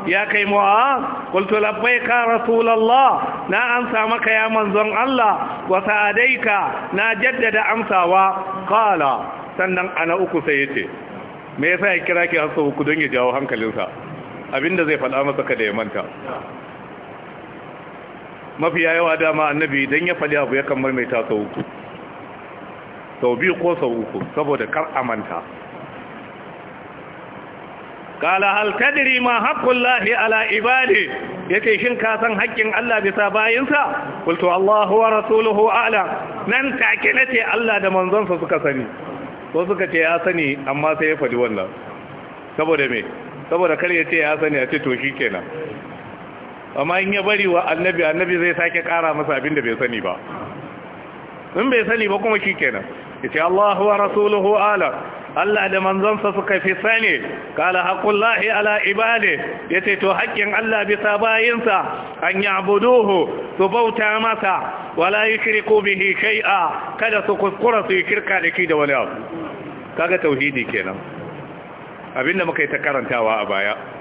ya kai mu'az kultu labbai ka rasulallah na amsa maka ya manzon Allah wa sa'adaika na jaddada amsawa kala sannan ana uku sai ya ce me yasa ya kira ki har uku don ya jawo hankalinsa abinda zai faɗa masa kada ya manta mafiya yawa dama annabi idan ya fali abu ya kan ta sau uku sau biyu ko sau uku saboda kar amanta kala hal tadri ma haqqullahi ala ibadi yace shin ka san haƙƙin Allah bisa bayinsa kultu Allahu wa rasuluhu ala nan take ce Allah da manzonsa suka sani ko suka ce ya sani amma sai ya fadi wannan saboda me saboda kar ya ce ya sani a ce to shi kenan. amma in ya bari wa annabi annabi zai sake kara masa abin da bai sani ba in bai sani ba kuma shikenan yace Allahu wa rasuluhu ala Allah da manzonsa suka fi sani kala haqqullahi ala ibade yace to hakkin Allah bisa bayinsa an ya'buduhu su bauta masa wala yushriku bihi shay'a kada su kuskura su shirka da shi da wani abu kaga tauhidi kenan abinda muka yi ta karantawa a baya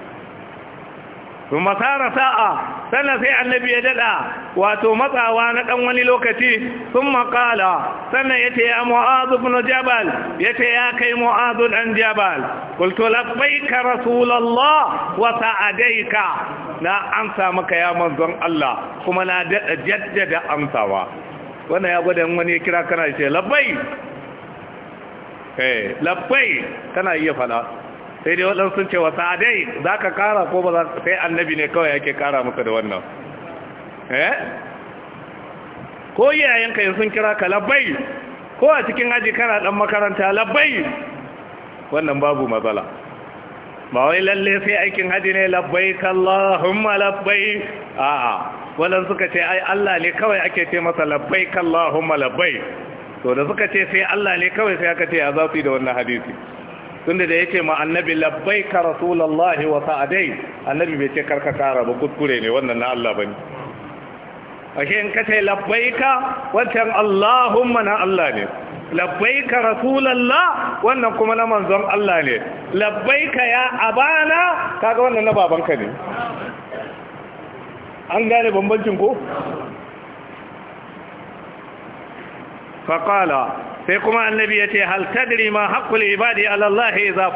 su masara sa'a sannan sai annabi ya daɗa wato matsawa na ɗan wani lokaci sun makala sannan ya ce ya mu'azu bin jabal ya ce ya kai mu'azu Dan jabal kultu ka rasulallah wa sa'adaika na amsa maka ya manzon Allah kuma na daɗa jaddada amsawa wannan ya gwada wani ya kira kana ce labbai eh iya fada sai dai waɗansu sun ce wa sa'adai za ka kara ko ba za ka sai annabi ne kawai yake kara maka da wannan eh ko iyayenka yin sun kira ka labbai ko a cikin aji kana dan makaranta labbai wannan babu matsala ba wai lalle sai aikin haji ne labbai kallahumma labbai a'a wannan suka ce ai Allah ne kawai ake ce masa labbai kallahumma labbai to da suka ce sai Allah ne kawai sai aka ce ya zafi da wannan hadisi tunda da yake ma annabi labbaika rasulullahi wa sa'adai annabi bai ce karka kara ba kuskure ne wannan na Allah bane ashe in kace labbaika wancan Allahumma na Allah ne ka rasulallah wannan kuma na manzon Allah ne labbaika ya abana kaga wannan na babanka ne an gane bambancin ko faqala sai kuma annabi ya ce Haltadiri tadri ma haqqul ibadi ala Allah idza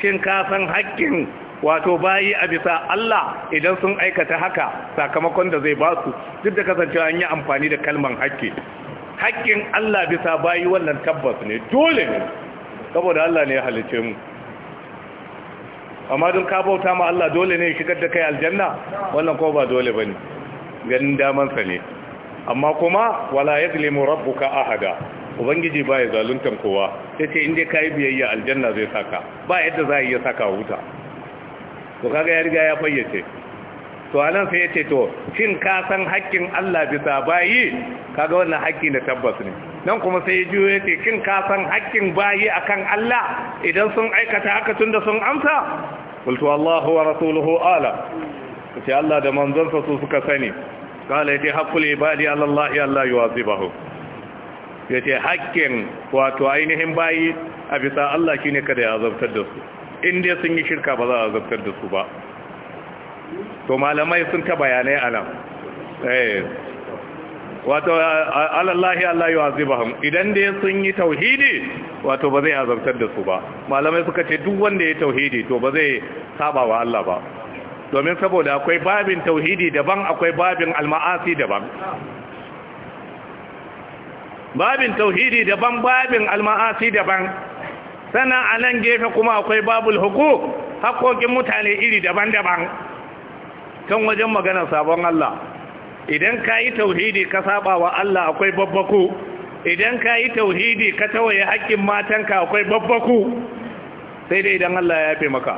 shin ka san haƙƙin wato bayi a bisa Allah idan sun aikata haka sakamakon da zai ba su duk da kasancewa an yi amfani da kalman haƙƙi haƙƙin Allah bisa bayi wannan tabbas ne dole ne saboda Allah ne ya halice mu amma don ka bauta ma Allah dole ne shigar da kai aljanna wannan ko ba dole bane ganin damansa ne amma kuma wala yadlimu rabbuka ahada ubangiji baya zaluntan kowa yace in dai kai biyayya aljanna zai saka ba yadda za a iya saka wuta to kaga ya riga ya fayyace to anan sai yace to cin ka san haƙƙin Allah bisa bayi kaga wannan haƙƙi na tabbas ne nan kuma sai ya juyo yace cin ka san haƙƙin bayi akan Allah idan sun aikata haka da sun amsa qultu Allahu wa rasuluhu ala sai Allah da manzon su suka sani kala yace haqqul ibadi ala Allah Allah ya ce haƙƙin wato ainihin bayi a bisa Allah shi ne kada ya azabtar da su inda sun yi shirka ba za a azabtar da su ba to malamai sun ta bayanai anan eh wato alallahi Allah yi azibahum idan dai sun yi tauhidi wato ba zai azabtar da su ba malamai suka ce duk wanda ya tauhidi to ba zai saba wa Allah ba domin saboda akwai babin tauhidi daban akwai babin alma'asi daban babin tauhidi daban babin alma'asi daban sana a nan gefe kuma akwai babul hukuk hakokin mutane iri daban-daban kan wajen magana sabon Allah idan ka yi tauhidi ka saba wa Allah akwai babbaku idan ka yi tauhidi ka tawaye haƙƙin matanka akwai babbaku sai dai idan Allah ya yafe maka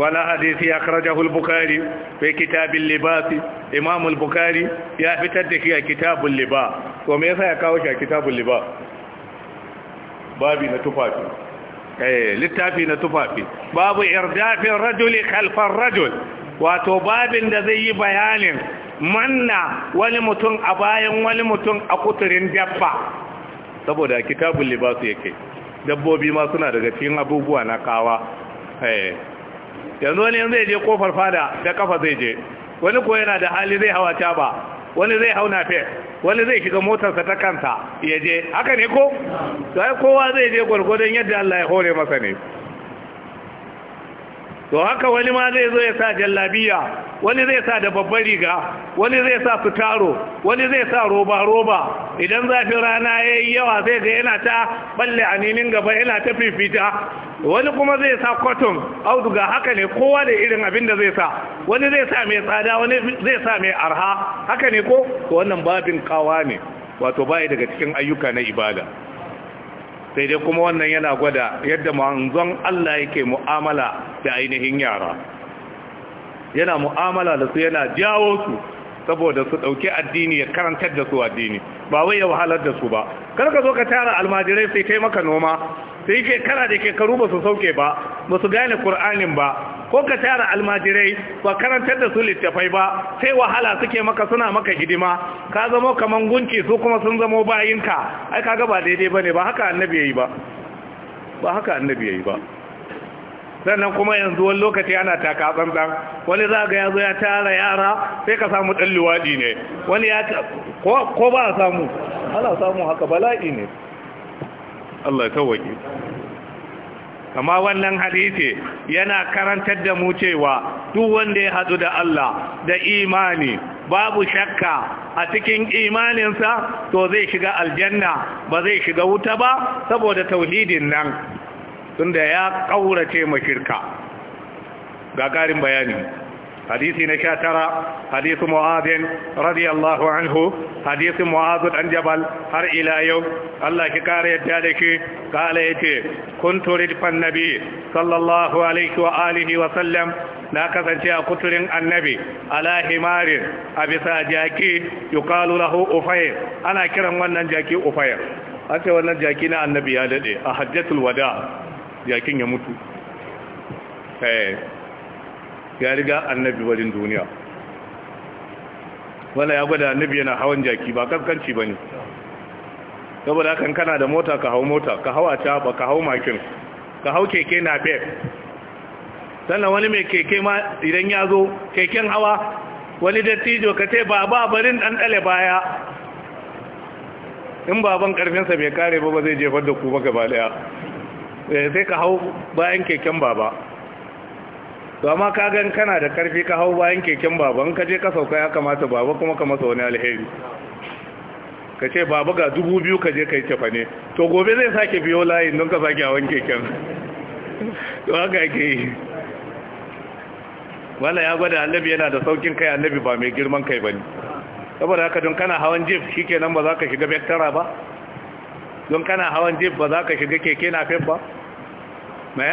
wala hadisi akhrajahu al-bukhari fi kitab al-libas imam al ya fitar da shi a kitab liba to me yasa ya kawo shi a kitab liba babi na tufafi eh littafi na babu irdafin rajuli khalfar rajul wato babin da zai yi bayanin manna wani mutum a bayan wani mutum a kuturin dabba saboda kitabul libas yake dabbobi ma suna daga cikin abubuwa na kawa eh yanzu wani yanzu zai je kofar fada da kafa zai je wani ko yana da hali zai hawa caba wani zai hauna fe wani zai shiga motarsa ta kansa ya je haka ne ko sai kowa zai je gwargwadon yadda Allah ya hore masa ne to haka wani ma zai zo ya sa jallabiya wani zai sa da babbar riga wani zai sa fitaro wani zai sa roba-roba idan zafin rana ya yi yawa zai ga yana ta balle a ninin gaba yana ta fifita wani kuma zai sa cotton auduga haka ne kowa da irin abin da zai sa wani zai sa mai tsada wani zai sa mai arha haka ne ko wannan babin kawa ne wato bai daga cikin ayyuka na ibada sai dai kuma wannan yana gwada yadda manzon Allah yake mu'amala da ainihin yara yana mu'amala da su yana jawo su saboda su dauke addini ya karantar da su addini ba wai ya wahalar da su ba kar ka zo ka tara almajirai sai kai maka noma sai kai kana da ke karu ba su sauke ba ba su gane qur'anin ba ko ka tara almajirai ba karantar da su littafai ba sai wahala suke maka suna maka hidima ka zamo kaman gunki su kuma sun zamo bayinka ai kaga ba daidai bane ba haka annabi yayi ba ba haka annabi yayi ba sannan kuma yanzu wani lokaci ana taka tsantsan wani za ga ya zo ya tara yara sai ka samu ɗan luwaɗi ne wani ya ko ba samu ana samu haka bala'i ne Allah ya tawaki kama wannan hadisi yana karantar da mu cewa duk wanda ya hadu da Allah da imani babu shakka a cikin imaninsa to zai shiga aljanna ba zai shiga wuta ba saboda tauhidin nan tunda ya kaurace mashirka ga karin bayani hadisi na sha tara hadisi mu'adin radiyallahu anhu hadisi mu'azu dan jabal har ila yau Allah ki kare yadda da ki kala yace kuntu ridfan sallallahu alaihi wa alihi wa sallam na kasance a kuturin annabi ala himarin a bisa jaki yukalu lahu ana kiran wannan jaki ufayr an ce wannan jaki na annabi ya dade a hajjatul wada jakin ya mutu ya riga annabi barin duniya wala ya gwada annabi yana hawan jaki ba kaskanci ba ne saboda kan kana da mota ka hau mota ka hau a ba ka hau makin ka hau keke na bef sannan wani mai keke ma idan ya zo keken hawa wani dattijo ka ce ba ba barin dan dale baya in baban karfinsa bai kare ba ba zai jefar da ku ba gaba daya eh, sai ka hau bayan keken baba to amma ka gan kana da karfi ka hau bayan keken baban ka je ka sauka ya kamata baba kuma ka masa wani alheri ka ce baba ga dubu biyu ka je ka yi cefa ne to gobe zai sake biyo layin don ka sake hawan keken to haka ke yi wala ya gwada annabi yana da saukin kai annabi ba mai girman kai ba ne saboda haka don kana hawan jif shikenan ba za ka shiga bektara ba don kana hawan jif ba za ka shiga keke na fef ba me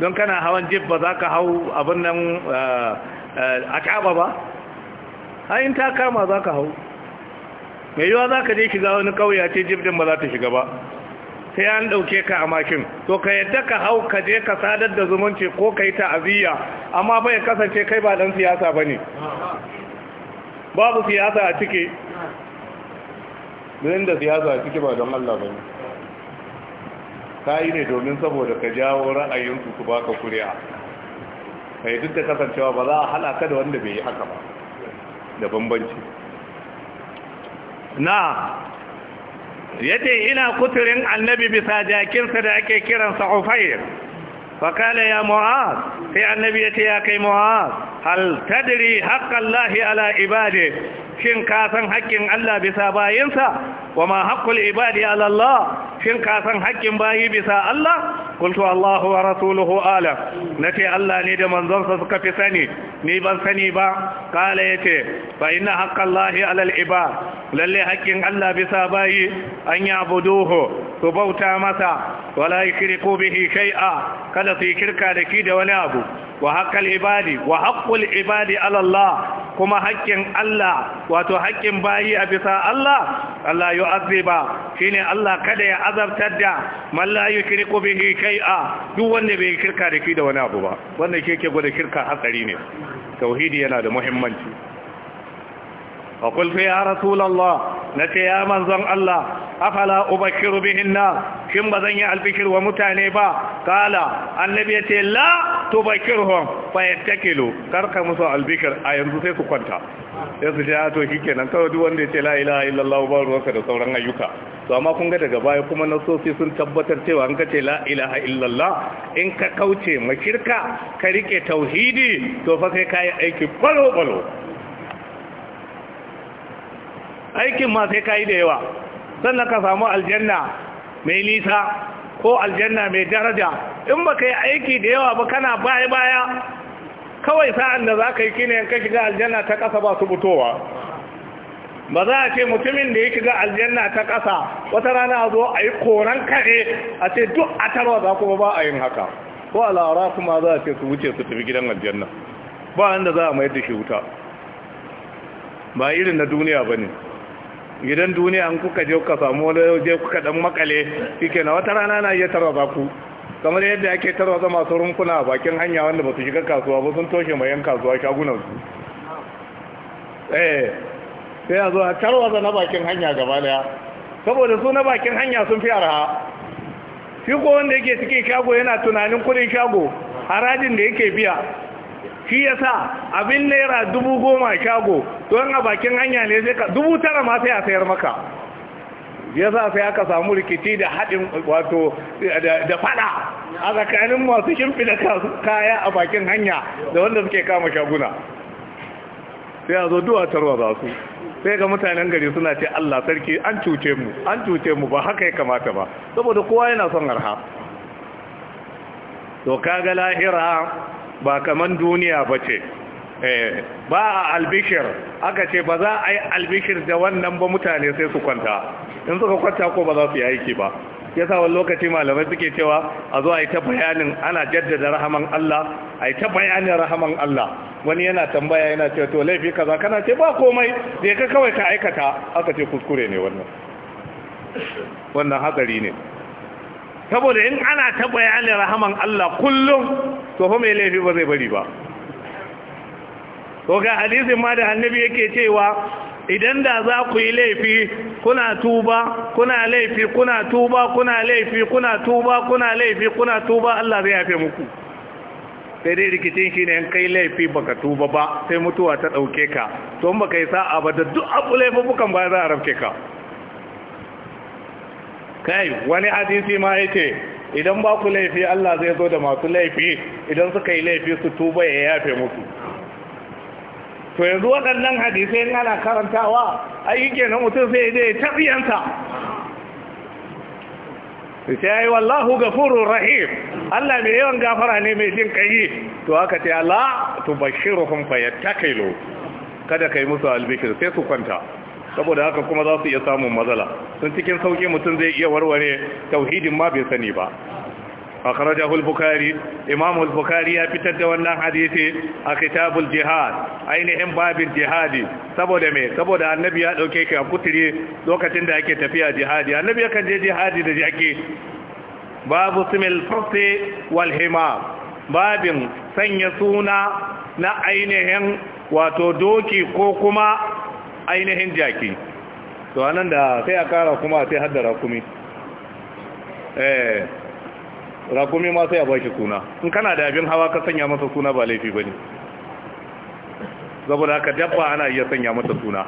don kana hawan jif ba za ka hau abin nan eh, eh, a kaba ba hain ta kama za ka hau mai yiwa za ka je shiga wani kauya ce jif din ba za ta shiga ba sai an ɗauke ka a makin to ka yadda ka hau ka je ka sadar da zumunci ko ka yi ta'aziyya amma bai kasance kai ba dan siyasa ba ne babu siyasa a ciki da siyasa a ciki ba don Allah ba ne ka yi ne domin saboda ka jawo ra'ayinku su baka kuri'a kai duk da kasancewa ba za a hana ka da wanda bai yi haka ba da bambanci na yace ina kuturin annabi bisa jakinsa da ake kiransa ufair fakala ya mu'az sai annabi yace ya kai mu'az hal tadri lahi ala ibadi shin ka san haƙƙin Allah bisa bayinsa wa ma haqqul ibadi ala Allah shin ka san haƙƙin bayi bisa Allah qultu Allahu wa rasuluhu ala nace Allah ne da manzonsa suka fi sani ni ban sani ba kala yace fa inna haqqallahi alal ibad lalle haƙƙin Allah bisa bayi an ya'buduhu su bauta masa wala yushriku bihi shay'a kada su shirka da shi da wani abu wa haqqal ibadi wa haqqul ibadi ala Allah kuma haƙƙin Allah wato haƙƙin bayi a bisa Allah Allah yu'azziba shine Allah kada ya azabtar da man la bihi shay'a duk wanda bai kirka da shi da wani abu ba wannan ke ke gwada kirka hatsari ne tauhidi yana da muhimmanci wa qul ya rasulullah nace ya manzon Allah afala ubakiru bihin nas shin ba zan yi albishir wa mutane ba kala annabi ya ce la tubakirhum fa yattakilu karka musu albishir a yanzu sai su kwanta sai su ja ah, to shikenan kawai duk wanda ya ce la ilaha illallah ba ruwanka da sauran ayyuka to amma kun ga daga baya kuma nasosi sun tabbatar cewa an kace la ilaha illallah in ka kauce makirka ka rike tauhidi to fa kai kai aiki balo balo aikin ma sai kai da yawa sannan ka samu aljanna mai nisa ko aljanna mai daraja in ka yi aiki da yawa ba kana baya baya kawai sa'an da za ka yi kine ka shiga aljanna ta ƙasa ba su butowa ba za a ce mutumin da ya shiga aljanna ta ƙasa wata rana zo a yi koran kare a ce duk a tarwa za kuma ba a yin haka ko a lara kuma za a ce su wuce su tafi gidan aljanna ba wanda za a mayar da shi wuta ba irin na duniya ba ne gidan duniya an kuka je kuka samu wani je kuka dan makale shike na wata rana na iya tarwaza ku kamar yadda ake tarwaza masu rumfuna a bakin hanya wanda ba su shiga kasuwa ba sun toshe mai yan kasuwa shagunan su eh sai a zo a tarwaza na bakin hanya gaba daya saboda su na bakin hanya sun fi arha shi ko wanda yake cikin shago yana tunanin kudin shago harajin da yake biya shi ya sa abin naira dubu goma shago don a bakin hanya ne sai ka dubu tara ma sai a sayar maka Ya sa sai aka samu rikici da haɗin wato da fada a tsakanin masu shimfida kaya a bakin hanya da wanda suke kama shaguna sai a zo tarwa za su sai ga mutanen gari suna ce Allah sarki an cuce mu an cuce mu ba haka ya kamata ba saboda kowa yana son arha to kaga lahira ba kaman duniya ba ce eh, ba a albishir aka ce ba za a yi albishir da wannan ba mutane sai su kwanta in suka kwanta ko ba za su yi aiki ba ya sa wani lokaci malamai suke cewa a zo a yi ta bayanin ana jaddada rahaman Allah a yi ta bayanin rahaman Allah wani yana tambaya yana ce to laifi kaza kana ce ba komai ya ka kawai ka aikata aka ce kuskure ne wannan wannan hatsari ne saboda in ana ta bayanin rahaman Allah kullum to fa mai laifi ba zai bari ba to ga hadisin ma da annabi yake cewa idan da za ku yi laifi kuna tuba kuna laifi kuna tuba kuna laifi kuna tuba kuna laifi kuna tuba Allah zai yafe muku sai dai rikicin shine in kai laifi baka tuba ba sai mutuwa ta ɗauke ka to in baka yi sa'a ba da duk abu laifukan ba za a rafke ka kai wani hadisi ma yace idan ba ku laifi Allah zai zo da masu laifi idan suka yi laifi su tuba ya yafe musu to yanzu waɗannan hadisai in ana karantawa ai na mutum sai ya ya tabiyansa sai yi wallahu furu, rahim Allah mai yawan gafara ne mai jin kayi to haka ta la fayyar takailo kada ka yi musu albikin sai su kwanta saboda haka kuma za su iya samun matsala sun cikin sauki mutum zai iya warware tauhidin ma bai sani ba akhrajahu al Hulbukari, imam Hulbukari ya fitar da wannan hadisi a kitabul jihad ainihin babin jihadi saboda mai. saboda annabi ya dauke ka kutire lokacin da ake tafiya jihadi annabi yakan je jihadi da jake babu simil fasi wal himam babin sanya suna na ainihin wato doki ko kuma ainihin jaki to anan da sai a kara kuma sai hadda rakumi eh rakumi ma sai a baki suna in kana da abin hawa ka sanya masa suna ba laifi bane saboda haka dabba ana iya sanya masa suna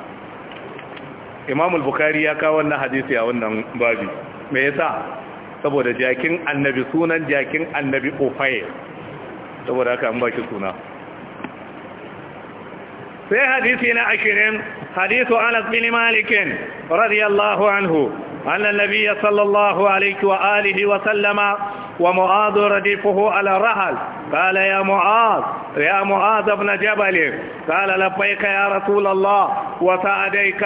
Imam al-Bukhari ya kawo wannan hadisi a wannan babi me yasa saboda jakin annabi sunan jakin annabi ufay saboda haka an baki suna في حديثنا أكرم حديث أنس بن مالك رضي الله عنه أن النبي صلى الله عليه وآله وسلم ومعاذ رديفه على الرحل قال يا معاذ يا معاذ بن جبل قال لبيك يا رسول الله وسأديك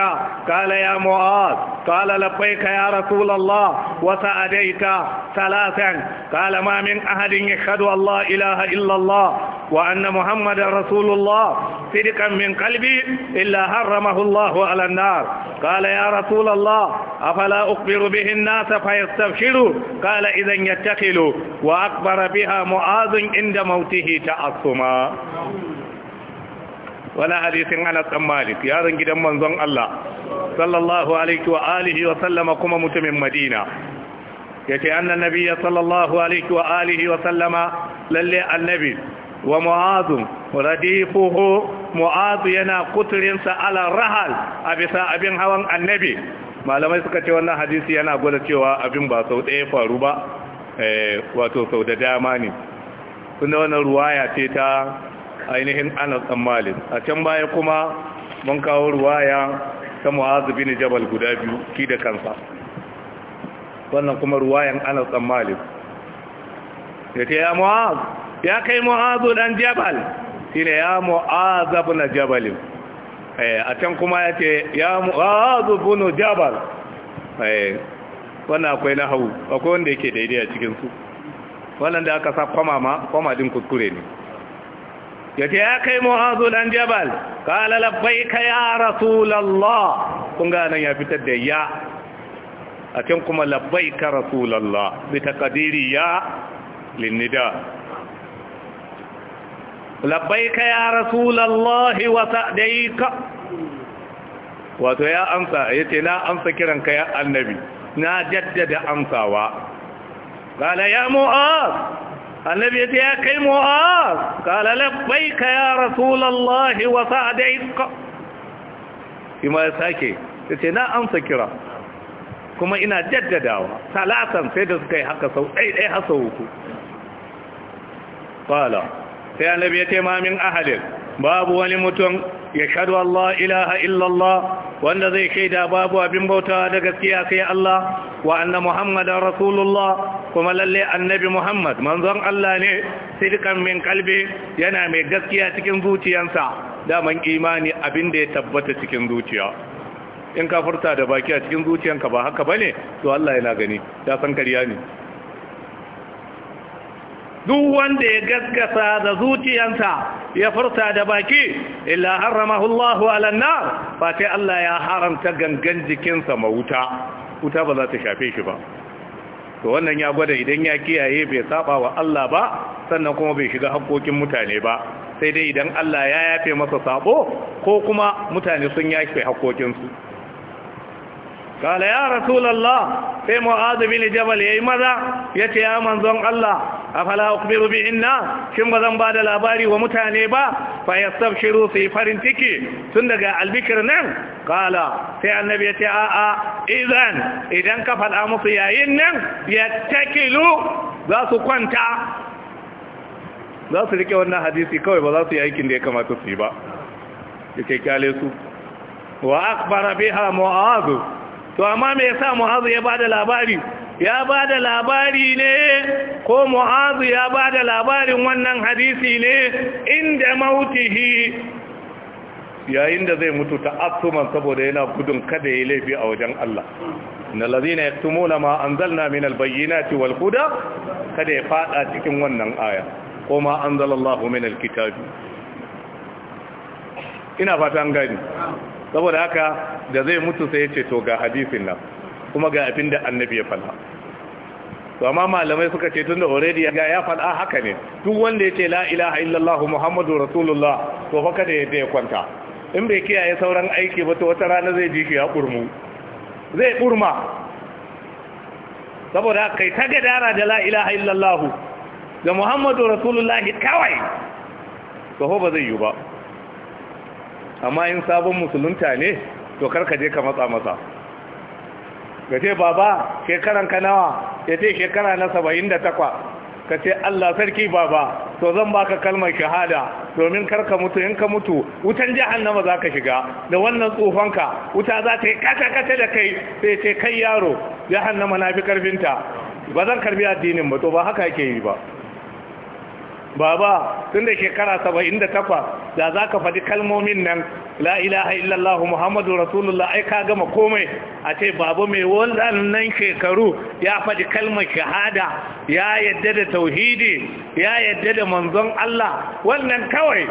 قال يا معاذ قال لبيك يا رسول الله وسأديك ثلاثا قال ما من أحد يشهد الله إله إلا الله وأن محمد رسول الله صدقا من قلبي إلا حرمه الله على النار قال يا رسول الله أفلا أخبر به الناس فيستبشروا قال إذا يتخلوا وأخبر بها معاذ إن inda mautihi ta asuma wani hadisin ana tsammalik yaron gidan manzon Allah sallallahu alaihi wa alihi wa sallama kuma mutumin madina yace ce annan nabiya sallallahu alaihi wa alihi wa sallama lalle annabi wa mu'azu radifuhu mu'azu yana sa ala rahal a abin hawan annabi malamai suka ce wannan hadisi yana gwada cewa abin ba sau ɗaya faru ba wato sau da dama ne tunda wannan ruwaya ce ta ainihin anas dan malik a can baya kuma mun kawo ruwaya ta mu'az bin jabal guda biyu ki da kansa wannan kuma ruwayan anas dan malik yace ya mu'az ya kai mu'az dan jabal shine ya mu'az bin jabal eh a can kuma yace ya mu'az bin jabal eh wannan akwai na hau, akwai wanda yake daidai a cikin su wannan da aka sa kwama ma kwama din kuskure ne ya ce ya kai mu'azu dan jabal Ka labbai ka ya rasulallah kun ga nan ya fitar da ya a can kuma labbai ka rasulallah bi taqdiri ya linnida Labbai ka ya rasulallahi wa sa'daika wato ya amsa ya ce na amsa kiran ka ya annabi na jaddada amsawa kala ya mu'az annabi ya ce ya kai mu'az kala labbaika ya rasulallahi wa sa'adaika ima ya sake ya ce na amsa kira kuma ina jaddadawa talatan sai da suka yi haka sau ɗaiɗai hasa uku kala sai annabi ya ce ahalin babu wani mutum ya shaɗu Allah ilaha illallah wanda zai shaida babu abin bauta da gaskiya sai Allah wa Muhammadan Rasulullah kuma lallai annabi Muhammad manzon Allah ne sidkan min kalbi yana mai gaskiya cikin zuciyarsa da man imani abinda ya tabbata cikin zuciya in ka furta da baki a cikin zuciyarka ba haka bane to Allah yana gani ya san kariya ne duk wanda ya gaskasa da zuciyansa ya furta da baki illa haramahu Allah ala nar fa sai Allah ya haramta gangan jikinsa ma wuta wuta ba za ta shafe shi ba to wannan ya gwada idan ya kiyaye bai saba wa Allah ba sannan kuma bai shiga hakkokin mutane ba sai dai idan Allah ya yafe masa sabo ko kuma mutane sun yafe hakokin su قال يا رسول الله في معاذ بن جبل يا ماذا يتي يا منزون الله afala ukbiru bi inna shin ba zan bada labari wa mutane ba fa yastabshiru fi farin ciki tun daga albikir nan kala sai annabi ya ce a a idan idan ka faɗa musu yayin nan yattakilu za su kwanta za su rike wannan hadisi kawai ba za su yi aikin da ya kamata su yi ba yake kyale su wa akbara biha mu'azu. to amma me yasa mu'azu ya bada labari ya ba da labari ne ko mu'azu ya ba da labarin wannan hadisi ne inda mautihi yayin da zai mutu ta asuman saboda yana gudun kada ya laifi a wajen Allah na lazina ya tumo na ma'anzalna min albayyana walhuda kada ya fada cikin wannan aya ko ma'anzalallahu min alkitabi ina fata an gani saboda haka da zai mutu sai ya ce to ga hadisin nan kuma ga abin da annabi ya fada to amma malamai suka ce tunda already ya ga ya fada haka ne duk wanda yace la ilaha illallah muhammadu rasulullah to fa kada ya kwanta in bai kiyaye sauran aiki ba to wata rana zai ji shi ya kurmu zai kurma saboda kai ta gadara da la ilaha illallah da muhammadu rasulullah kawai to ba zai yi ba amma in sabon musulunta ne to karka je ka matsa masa ka ce baba shekaran ka nawa ya ce shekara na saba'in da takwa ka ce Allah sarki baba to zan baka kalmar shahada domin kar ka mutu in ka mutu wutan jahannama za ka shiga da wannan tsofanka wuta za ta yi kata-kata da kai sai ce kai yaro jahannama na fi karfinta ba zan karbi addinin ba to ba haka yake yi ba baba tun da shekara saba'in da takwas da za ka faɗi kalmomin nan la ilaha illallah muhammadu rasulullah ai ka gama komai a ce babu mai wannan shekaru ya faɗi kalmar shahada ya yadda da tauhidi ya yadda da manzon Allah wannan kawai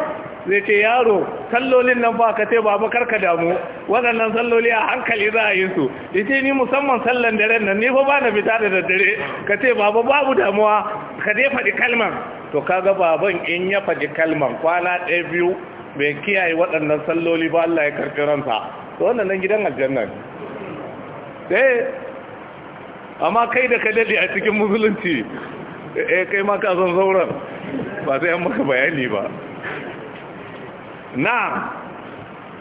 zai ce yaro sallolin nan ba ka ce babu karka damu waɗannan salloli a hankali za a yi su ita ni musamman sallan daren nan ni fa ba na fita da daddare ka ce babu babu damuwa ka dai faɗi kalmar to kaga baban in ya faɗi kalman kwana ɗaya biyu bai kiyaye waɗannan salloli ba Allah ya karɓi ransa to wannan nan gidan aljanna ne eh, amma kai da ka dade a cikin musulunci eh kai ma ka san sauran ba sai an maka bayani ba na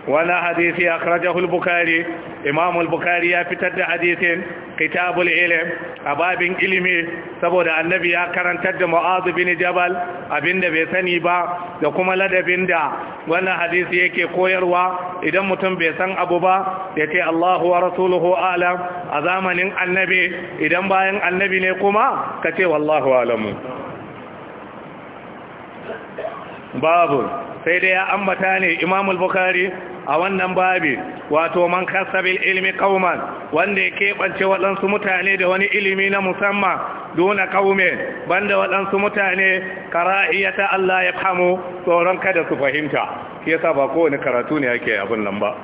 wala hadisi akhrajahu al-bukhari imam al-bukhari ya fitar da hadisin kitabul ilm a babin ilimi saboda annabi ya karantar da mu'adh bin jabal abinda bai sani ba da kuma ladabin da wannan hadisi yake koyarwa idan mutum bai san abu ba ya ce Allahu wa rasuluhu alam a zamanin annabi idan bayan annabi ne kuma ka ce wallahu alamu babu sai dai ya ambata ne imamul bukhari a wannan babi wato man kasabil ilmi qauman wanda ya keɓance waɗansu mutane da wani ilimi na musamman duna kaume. banda waɗansu mutane kara'iyata Allah ya fahimu tsoron kada su fahimta yasa ba kowane karatu ne ake abin nan ba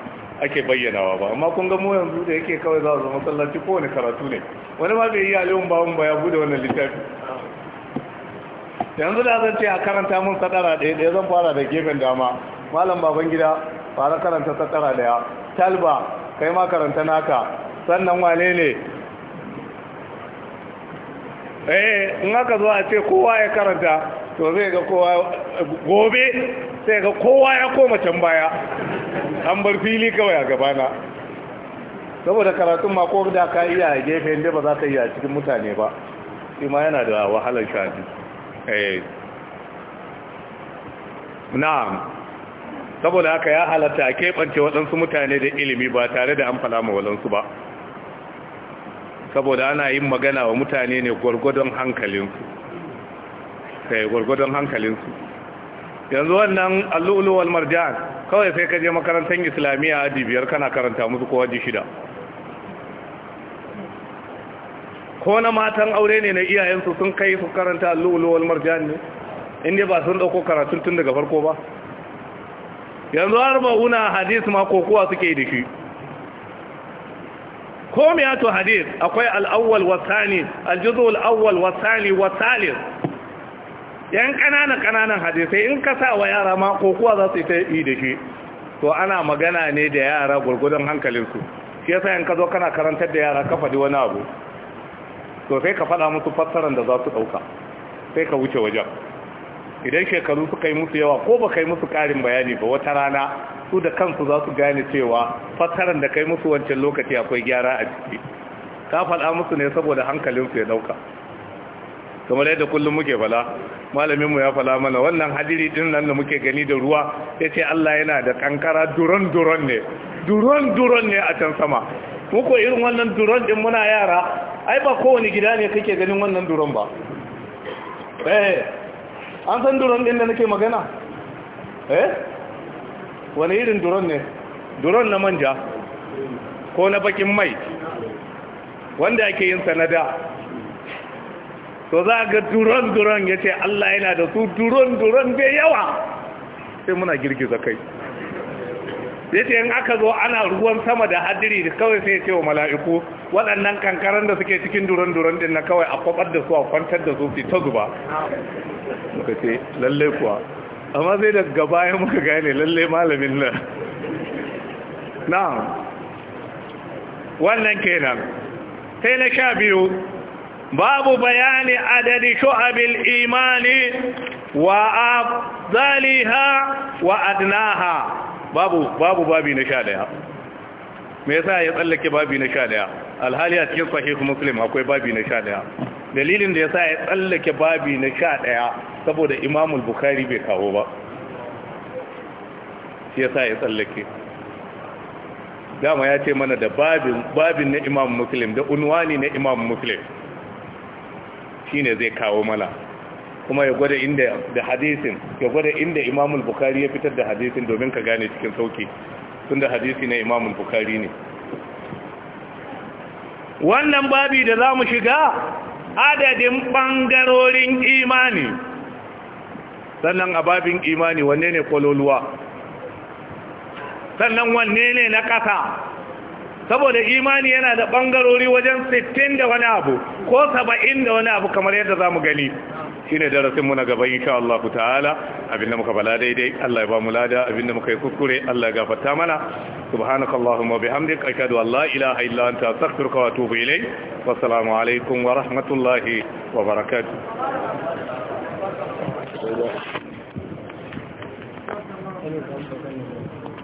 ake bayyanawa ba amma kun ga mu yanzu da yake kawai za su masallaci kowane karatu ne wani ma bai yi ba bawon ba ya bude wannan littafi yanzu da zan ce a karanta mun sadara ɗaya ɗaya zan fara da gefen dama malam baban gida fara karanta tattara daya talba kai ma karanta naka sannan wane ne eh in aka zo a ce kowa ya karanta to zai ga kowa gobe sai ga kowa ya koma can baya an bar fili kawai a gabana saboda karatun ma ko da ka iya gefe inda ba za ka iya cikin mutane ba shi ma yana da wahalar shafi eh na'am saboda haka ya halatta a keɓance waɗansu mutane da ilimi ba tare da an falama walansu ba saboda ana yin magana wa mutane ne gwargwadon hankalinsu sai eh, gwargwadon hankalinsu yanzu wannan allulu walmar marjan kawai sai ka je makarantar islamiyya aji biyar kana karanta musu ko aji shida ko na matan aure ne na iyayensu sun kai su karanta allulu walmar marjan ne inda ba sun ɗauko karatun tun daga farko ba yanzu har arba'una hadis ma kokowa suke da shi ko miyatu hadis akwai al'awwal wa tsani al-awwal wa thani wa thalith yan ƙananan ƙananan hadisai in ka sa wa yara ma kokowa za su yi da shi to ana magana ne da yara gurgudun su. shi yasa in ka zo kana karantar da yara ka faɗi wani abu to sai ka faɗa musu fassarar da za su ɗauka sai ka wuce wajen idan shekaru suka yi musu yawa ko ba kai musu karin bayani ba wata rana su da kansu za su gane cewa fasarar da kai musu wancan lokaci akwai gyara a ciki ka faɗa musu ne saboda hankalinsu ya ɗauka kamar yadda kullum muke fala malaminmu ya fala mana wannan hadiri din nan da muke gani da ruwa ya ce Allah yana da kankara duron-duron ne duron-duron ne a can sama muku irin wannan duron din muna yara ai ba kowane gida ne kake ganin wannan duron ba eh an san duron din da nake magana eh wani irin duron ne duron na manja ko na bakin mai wanda ake yin sanada to za ga duron duron ya ce Allah yana da su duron duron bai yawa sai muna girgiza kai ya ce aka zo ana ruwan sama da hadiri da kawai sai ce wa mala'iku waɗannan kankaran da suke cikin duran-duran din na kawai a kwabar da su a kwantar da su fi ta zuba suka ce lalle kuwa amma zai da gaba ya muka gane lalle malamin nan na wannan kenan sai na sha biyu babu bayani adadi shu'abil imani wa zaliha wa adnaha babu babu babi na 11 me yasa ya tsallake babi na 11 alhali a cikin sahihu muslim akwai babi na 11 dalilin da yasa ya tsallake babi na 11 saboda imam al-bukhari bai kawo ba shi yasa ya tsallake dama ya ce mana da babin babin na imam muslim da unwani na imam muslim shine zai kawo mana kuma ya gwada inda da hadisin ya gwada inda al-Bukhari ya fitar da hadisin domin ka gane cikin sauki tunda hadisi na al-Bukhari ne wannan babi da za mu shiga adadin ɓangarorin imani sannan a babin imani wanne ne kololuwa sannan wanne ne na kasa? saboda imani yana da bangarori wajen 60 da wani abu ko 70 da wani abu kamar yadda za mu gani Shi ne darasinmu na gaba insha Allah ku ta'ala abinda muka bala daidai Allah ya ba mu lada abinda muka yi kuskure Allah ya gafarta mana subhanakallahumma bihamdika ashhadu an la ilaha illa anta astaghfiruka wa atubu ilayk wa assalamu alaikum wa rahmatullahi wa barakatuh